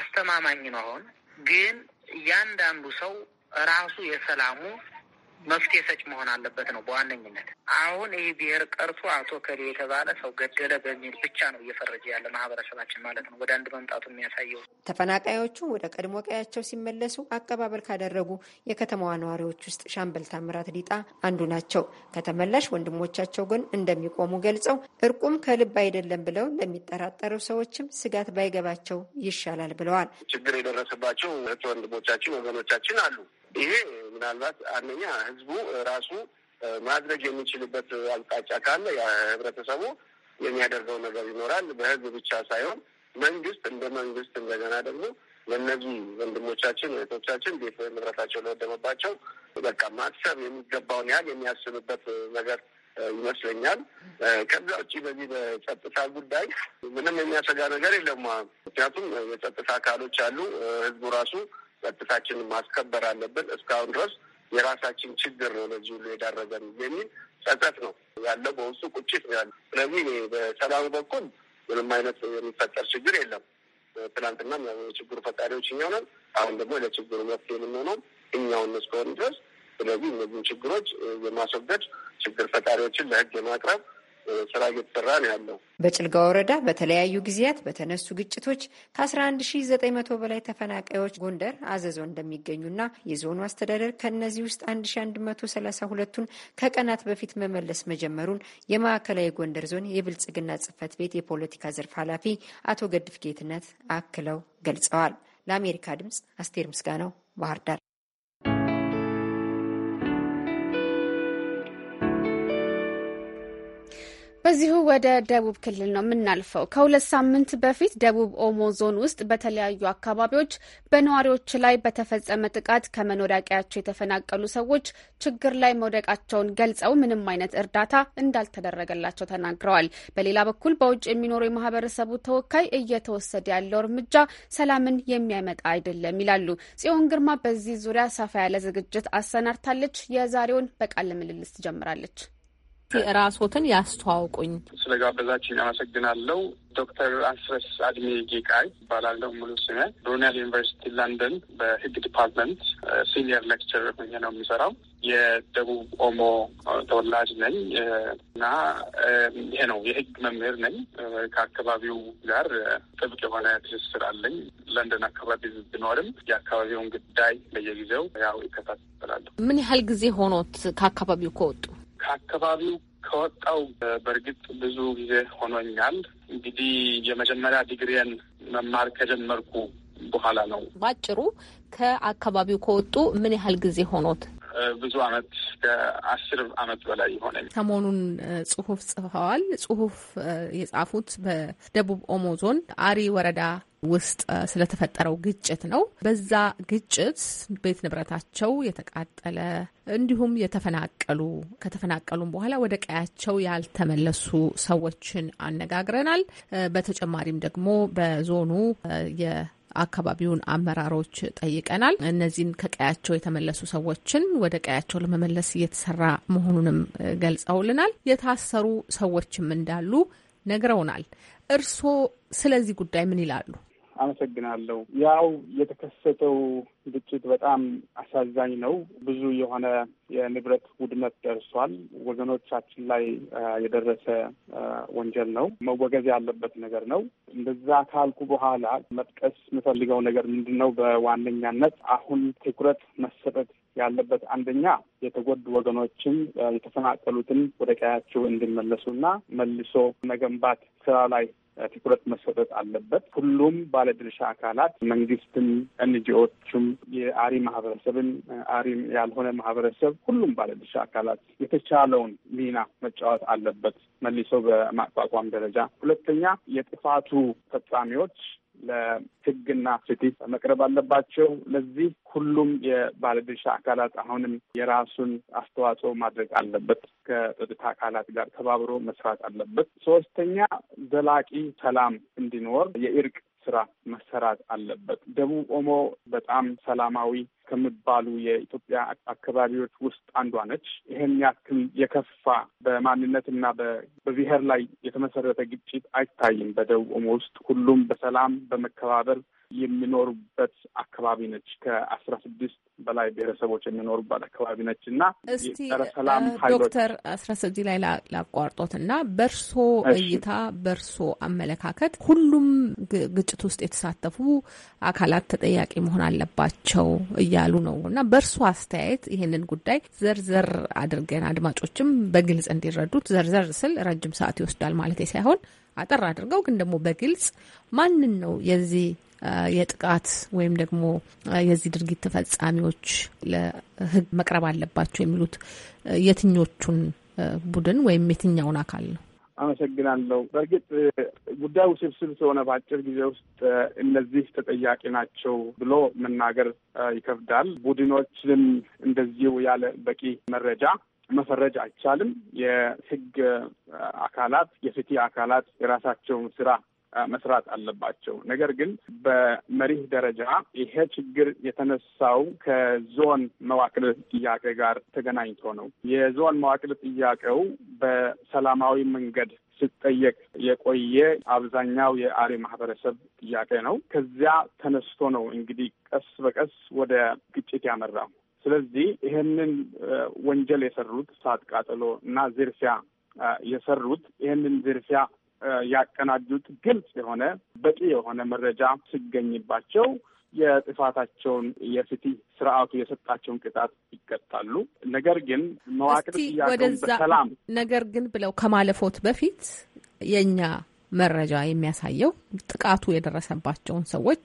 አስተማማኝ ነው። አሁን ግን እያንዳንዱ ሰው ራሱ የሰላሙ መፍትሄ ሰጭ መሆን አለበት ነው በዋነኝነት። አሁን ይህ ብሔር ቀርቶ አቶ ከሌ የተባለ ሰው ገደለ በሚል ብቻ ነው እየፈረጀ ያለ ማህበረሰባችን ማለት ነው። ወደ አንድ መምጣቱ የሚያሳየው ተፈናቃዮቹ ወደ ቀድሞ ቀያቸው ሲመለሱ አቀባበል ካደረጉ የከተማዋ ነዋሪዎች ውስጥ ሻምበል ታምራት ዲጣ አንዱ ናቸው። ከተመላሽ ወንድሞቻቸው ግን እንደሚቆሙ ገልጸው እርቁም ከልብ አይደለም ብለው ለሚጠራጠሩ ሰዎችም ስጋት ባይገባቸው ይሻላል ብለዋል። ችግር የደረሰባቸው እህት ወንድሞቻችን ወገኖቻችን አሉ። ይሄ ምናልባት አንደኛ ህዝቡ ራሱ ማድረግ የሚችልበት አቅጣጫ ካለ ህብረተሰቡ የሚያደርገው ነገር ይኖራል። በህዝብ ብቻ ሳይሆን መንግስት እንደ መንግስት እንደገና ደግሞ ለእነዚህ ወንድሞቻችን እህቶቻችን ቤት ንብረታቸው ለወደመባቸው በቃ ማሰብ የሚገባውን ያህል የሚያስብበት ነገር ይመስለኛል። ከዛ ውጭ በዚህ በጸጥታ ጉዳይ ምንም የሚያሰጋ ነገር የለም። ምክንያቱም የጸጥታ አካሎች አሉ። ህዝቡ ራሱ ጸጥታችንን ማስከበር አለብን። እስካሁን ድረስ የራሳችን ችግር ነው ለዚህ ሁሉ የዳረገን የሚል ጸጸት ነው ያለው፣ በውስጡ ቁጭት ነው ያለው። ስለዚህ በሰላሙ በኩል ምንም አይነት የሚፈጠር ችግር የለም። ትናንትና የችግሩ ፈጣሪዎች እኛው ነን። አሁን ደግሞ ለችግሩ መፍትሄ የምንሆነው እኛውን እስከሆን ድረስ ስለዚህ እነዚህን ችግሮች የማስወገድ ችግር ፈጣሪዎችን ለህግ የማቅረብ ስራ እየተሰራ ነው ያለው። በጭልጋ ወረዳ በተለያዩ ጊዜያት በተነሱ ግጭቶች ከ11900 በላይ ተፈናቃዮች ጎንደር አዘዞ እንደሚገኙና የዞኑ አስተዳደር ከእነዚህ ውስጥ 1132ቱን ከቀናት በፊት መመለስ መጀመሩን የማዕከላዊ ጎንደር ዞን የብልጽግና ጽህፈት ቤት የፖለቲካ ዘርፍ ኃላፊ አቶ ገድፍ ጌትነት አክለው ገልጸዋል። ለአሜሪካ ድምጽ አስቴር ምስጋናው ባህር ዳር። በዚሁ ወደ ደቡብ ክልል ነው የምናልፈው። ከሁለት ሳምንት በፊት ደቡብ ኦሞ ዞን ውስጥ በተለያዩ አካባቢዎች በነዋሪዎች ላይ በተፈጸመ ጥቃት ከመኖሪያ ቀያቸው የተፈናቀሉ ሰዎች ችግር ላይ መውደቃቸውን ገልጸው ምንም አይነት እርዳታ እንዳልተደረገላቸው ተናግረዋል። በሌላ በኩል በውጭ የሚኖሩ የማህበረሰቡ ተወካይ እየተወሰደ ያለው እርምጃ ሰላምን የሚያመጣ አይደለም ይላሉ። ጽዮን ግርማ በዚህ ዙሪያ ሰፋ ያለ ዝግጅት አሰናድታለች። የዛሬውን በቃለ ምልልስ ትጀምራለች። ራስዎትን ያስተዋውቁኝ። ስለጋበዛችን አመሰግናለሁ። ዶክተር አስረስ አድሜ ጌቃይ ይባላለሁ ሙሉ ስሜ። ብሩኔል ዩኒቨርሲቲ ለንደን በህግ ዲፓርትመንት ሲኒየር ሌክቸር ሆኜ ነው የሚሰራው። የደቡብ ኦሞ ተወላጅ ነኝ እና ይሄ ነው የህግ መምህር ነኝ። ከአካባቢው ጋር ጥብቅ የሆነ ትስስር አለኝ። ለንደን አካባቢ ብኖርም የአካባቢውን ጉዳይ በየጊዜው ያው ይከታተላለሁ። ምን ያህል ጊዜ ሆኖት ከአካባቢው ከወጡ? ከአካባቢው ከወጣው በእርግጥ ብዙ ጊዜ ሆኖኛል። እንግዲህ የመጀመሪያ ዲግሪን መማር ከጀመርኩ በኋላ ነው። ባጭሩ ከአካባቢው ከወጡ ምን ያህል ጊዜ ሆኖት? ብዙ አመት ከአስር አመት በላይ ሆነ ሰሞኑን ጽሁፍ ጽፈዋል። ጽሁፍ የጻፉት በደቡብ ኦሞ ዞን አሪ ወረዳ ውስጥ ስለተፈጠረው ግጭት ነው። በዛ ግጭት ቤት ንብረታቸው የተቃጠለ እንዲሁም የተፈናቀሉ ከተፈናቀሉም በኋላ ወደ ቀያቸው ያልተመለሱ ሰዎችን አነጋግረናል። በተጨማሪም ደግሞ በዞኑ አካባቢውን አመራሮች ጠይቀናል። እነዚህን ከቀያቸው የተመለሱ ሰዎችን ወደ ቀያቸው ለመመለስ እየተሰራ መሆኑንም ገልጸውልናል። የታሰሩ ሰዎችም እንዳሉ ነግረውናል። እርስዎ ስለዚህ ጉዳይ ምን ይላሉ? አመሰግናለሁ። ያው የተከሰተው ግጭት በጣም አሳዛኝ ነው። ብዙ የሆነ የንብረት ውድመት ደርሷል። ወገኖቻችን ላይ የደረሰ ወንጀል ነው፣ መወገዝ ያለበት ነገር ነው። እንደዛ ካልኩ በኋላ መጥቀስ የምፈልገው ነገር ምንድን ነው? በዋነኛነት አሁን ትኩረት መሰጠት ያለበት አንደኛ የተጎዱ ወገኖችን የተፈናቀሉትን ወደ ቀያቸው እንዲመለሱና መልሶ መገንባት ስራ ላይ ትኩረት መሰጠት አለበት። ሁሉም ባለድርሻ አካላት መንግስትም፣ ኤንጂኦዎችም፣ የአሪ ማህበረሰብን፣ አሪም ያልሆነ ማህበረሰብ፣ ሁሉም ባለድርሻ አካላት የተቻለውን ሚና መጫወት አለበት መልሶ በማቋቋም ደረጃ። ሁለተኛ የጥፋቱ ፈጻሚዎች ለህግና ፍትህ መቅረብ አለባቸው። ለዚህ ሁሉም የባለድርሻ አካላት አሁንም የራሱን አስተዋጽኦ ማድረግ አለበት። ከጸጥታ አካላት ጋር ተባብሮ መስራት አለበት። ሶስተኛ ዘላቂ ሰላም እንዲኖር የእርቅ ስራ መሰራት አለበት። ደቡብ ኦሞ በጣም ሰላማዊ ከሚባሉ የኢትዮጵያ አካባቢዎች ውስጥ አንዷ ነች። ይህን ያክል የከፋ በማንነትና በብሔር ላይ የተመሰረተ ግጭት አይታይም። በደቡብ ኦሞ ውስጥ ሁሉም በሰላም በመከባበር የሚኖሩበት አካባቢ ነች። ከአስራ ስድስት በላይ ብሔረሰቦች የሚኖሩበት አካባቢ ነች እና ጸረ ሰላም ዶክተር አስራ ስድስት ላይ ላቋርጦት እና በእርሶ እይታ በእርሶ አመለካከት ሁሉም ግጭት ውስጥ የተሳተፉ አካላት ተጠያቂ መሆን አለባቸው እያሉ ነው እና በእርሶ አስተያየት ይህንን ጉዳይ ዘርዘር አድርገን አድማጮችም በግልጽ እንዲረዱት ዘርዘር ስል ረጅም ሰዓት ይወስዳል ማለት ሳይሆን አጠር አድርገው ግን ደግሞ በግልጽ ማንን ነው የዚህ የጥቃት ወይም ደግሞ የዚህ ድርጊት ተፈጻሚዎች ለህግ መቅረብ አለባቸው የሚሉት የትኞቹን ቡድን ወይም የትኛውን አካል ነው? አመሰግናለሁ። በእርግጥ ጉዳዩ ውስብስብ ስለሆነ በአጭር ጊዜ ውስጥ እነዚህ ተጠያቂ ናቸው ብሎ መናገር ይከብዳል። ቡድኖችንም እንደዚሁ ያለ በቂ መረጃ መፈረጅ አይቻልም። የህግ አካላት የፍትህ አካላት የራሳቸውን ስራ መስራት አለባቸው። ነገር ግን በመሪህ ደረጃ ይሄ ችግር የተነሳው ከዞን መዋቅል ጥያቄ ጋር ተገናኝቶ ነው። የዞን መዋቅል ጥያቄው በሰላማዊ መንገድ ሲጠየቅ የቆየ አብዛኛው የአሪ ማህበረሰብ ጥያቄ ነው። ከዚያ ተነስቶ ነው እንግዲህ ቀስ በቀስ ወደ ግጭት ያመራው። ስለዚህ ይህንን ወንጀል የሰሩት እሳት ቃጠሎ እና ዝርፊያ የሰሩት ይህንን ዝርፊያ ያቀናጁት ግልጽ የሆነ በቂ የሆነ መረጃ ሲገኝባቸው የጥፋታቸውን የፍትህ ስርዓቱ የሰጣቸውን ቅጣት ይቀጣሉ። ነገር ግን መዋቅር ጥያቄውን በሰላም ነገር ግን ብለው ከማለፎት በፊት የእኛ መረጃ የሚያሳየው ጥቃቱ የደረሰባቸውን ሰዎች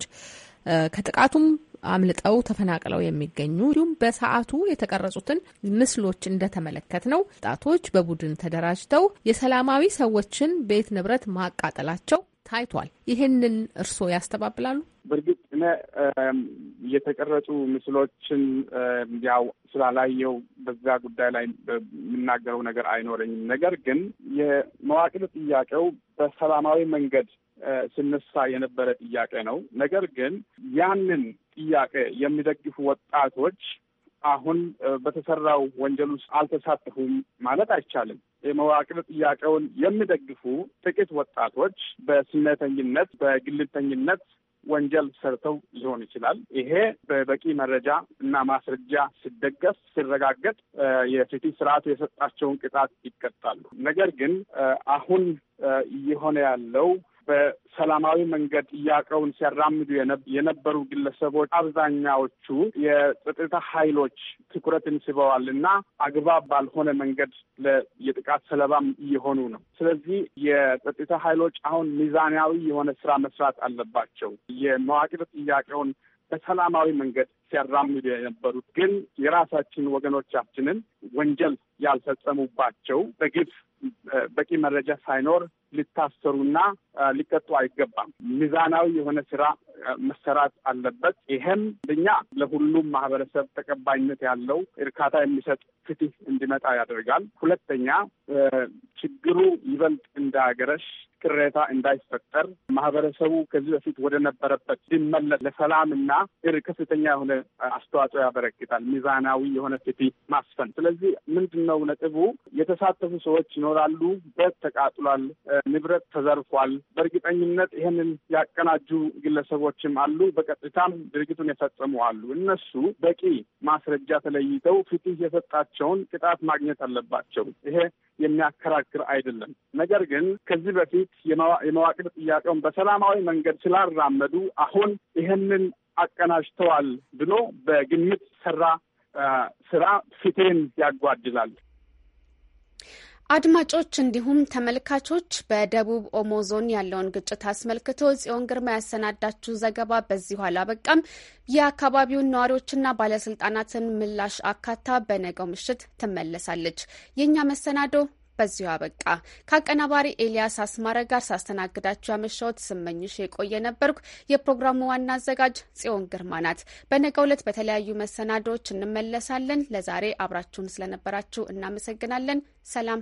ከጥቃቱም አምልጠው ተፈናቅለው የሚገኙ እንዲሁም በሰዓቱ የተቀረጹትን ምስሎች እንደተመለከት ነው ወጣቶች በቡድን ተደራጅተው የሰላማዊ ሰዎችን ቤት ንብረት ማቃጠላቸው ታይቷል። ይህንን እርስዎ ያስተባብላሉ? በእርግጥ እኔ የተቀረጹ ምስሎችን ያው ስላላየው በዛ ጉዳይ ላይ የምናገረው ነገር አይኖረኝም። ነገር ግን የመዋቅር ጥያቄው በሰላማዊ መንገድ ስነሳ የነበረ ጥያቄ ነው። ነገር ግን ያንን ጥያቄ የሚደግፉ ወጣቶች አሁን በተሰራው ወንጀል ውስጥ አልተሳተፉም ማለት አይቻልም። የመዋቅር ጥያቄውን የሚደግፉ ጥቂት ወጣቶች በስነተኝነት በግልተኝነት ወንጀል ሰርተው ሊሆን ይችላል። ይሄ በበቂ መረጃ እና ማስረጃ ሲደገፍ ሲረጋገጥ የፍትህ ስርዓቱ የሰጣቸውን ቅጣት ይቀጣሉ። ነገር ግን አሁን እየሆነ ያለው በሰላማዊ መንገድ ጥያቄውን ሲያራምዱ የነበሩ ግለሰቦች አብዛኛዎቹ የጸጥታ ኃይሎች ትኩረትን ስበዋል እና አግባብ ባልሆነ መንገድ የጥቃት ሰለባም እየሆኑ ነው። ስለዚህ የጸጥታ ኃይሎች አሁን ሚዛናዊ የሆነ ስራ መስራት አለባቸው። የመዋቅር ጥያቄውን በሰላማዊ መንገድ ሲያራምዱ የነበሩት ግን የራሳችን ወገኖቻችንን ወንጀል ያልፈጸሙባቸው በግፍ በቂ መረጃ ሳይኖር ሊታሰሩና ሊቀጡ አይገባም። ሚዛናዊ የሆነ ስራ መሰራት አለበት። ይህም አንደኛ ለሁሉም ማህበረሰብ ተቀባይነት ያለው እርካታ የሚሰጥ ፍትህ እንዲመጣ ያደርጋል። ሁለተኛ ችግሩ ይበልጥ እንዳያገረሽ ቅሬታ እንዳይፈጠር ማህበረሰቡ ከዚህ በፊት ወደ ነበረበት ሲመለስ ለሰላምና ከፍተኛ የሆነ አስተዋጽኦ ያበረክታል። ሚዛናዊ የሆነ ፍትህ ማስፈን። ስለዚህ ምንድን ነው ነጥቡ? የተሳተፉ ሰዎች ይኖራሉ። ቤት ተቃጥሏል፣ ንብረት ተዘርፏል። በእርግጠኝነት ይህንን ያቀናጁ ግለሰቦች ሰዎችም አሉ፣ በቀጥታም ድርጊቱን የፈጸሙ አሉ። እነሱ በቂ ማስረጃ ተለይተው ፍትህ የሰጣቸውን ቅጣት ማግኘት አለባቸው። ይሄ የሚያከራክር አይደለም። ነገር ግን ከዚህ በፊት የመዋቅር ጥያቄውን በሰላማዊ መንገድ ስላራመዱ አሁን ይህንን አቀናጅተዋል ብሎ በግምት ሰራ ስራ ፍትህን ያጓድላል። አድማጮች እንዲሁም ተመልካቾች በደቡብ ኦሞ ዞን ያለውን ግጭት አስመልክቶ ጽዮን ግርማ ያሰናዳችው ዘገባ በዚሁ አላበቃም። የአካባቢውን ነዋሪዎችና ባለስልጣናትን ምላሽ አካታ በነገው ምሽት ትመለሳለች። የእኛ መሰናዶ በዚሁ አበቃ። ከአቀናባሪ ኤልያስ አስማረ ጋር ሳስተናግዳችሁ ያመሻወት ስመኝሽ የቆየ ነበርኩ። የፕሮግራሙ ዋና አዘጋጅ ጽዮን ግርማ ናት። በነገው ዕለት በተለያዩ መሰናዶዎች እንመለሳለን። ለዛሬ አብራችሁን ስለነበራችሁ እናመሰግናለን። ሰላም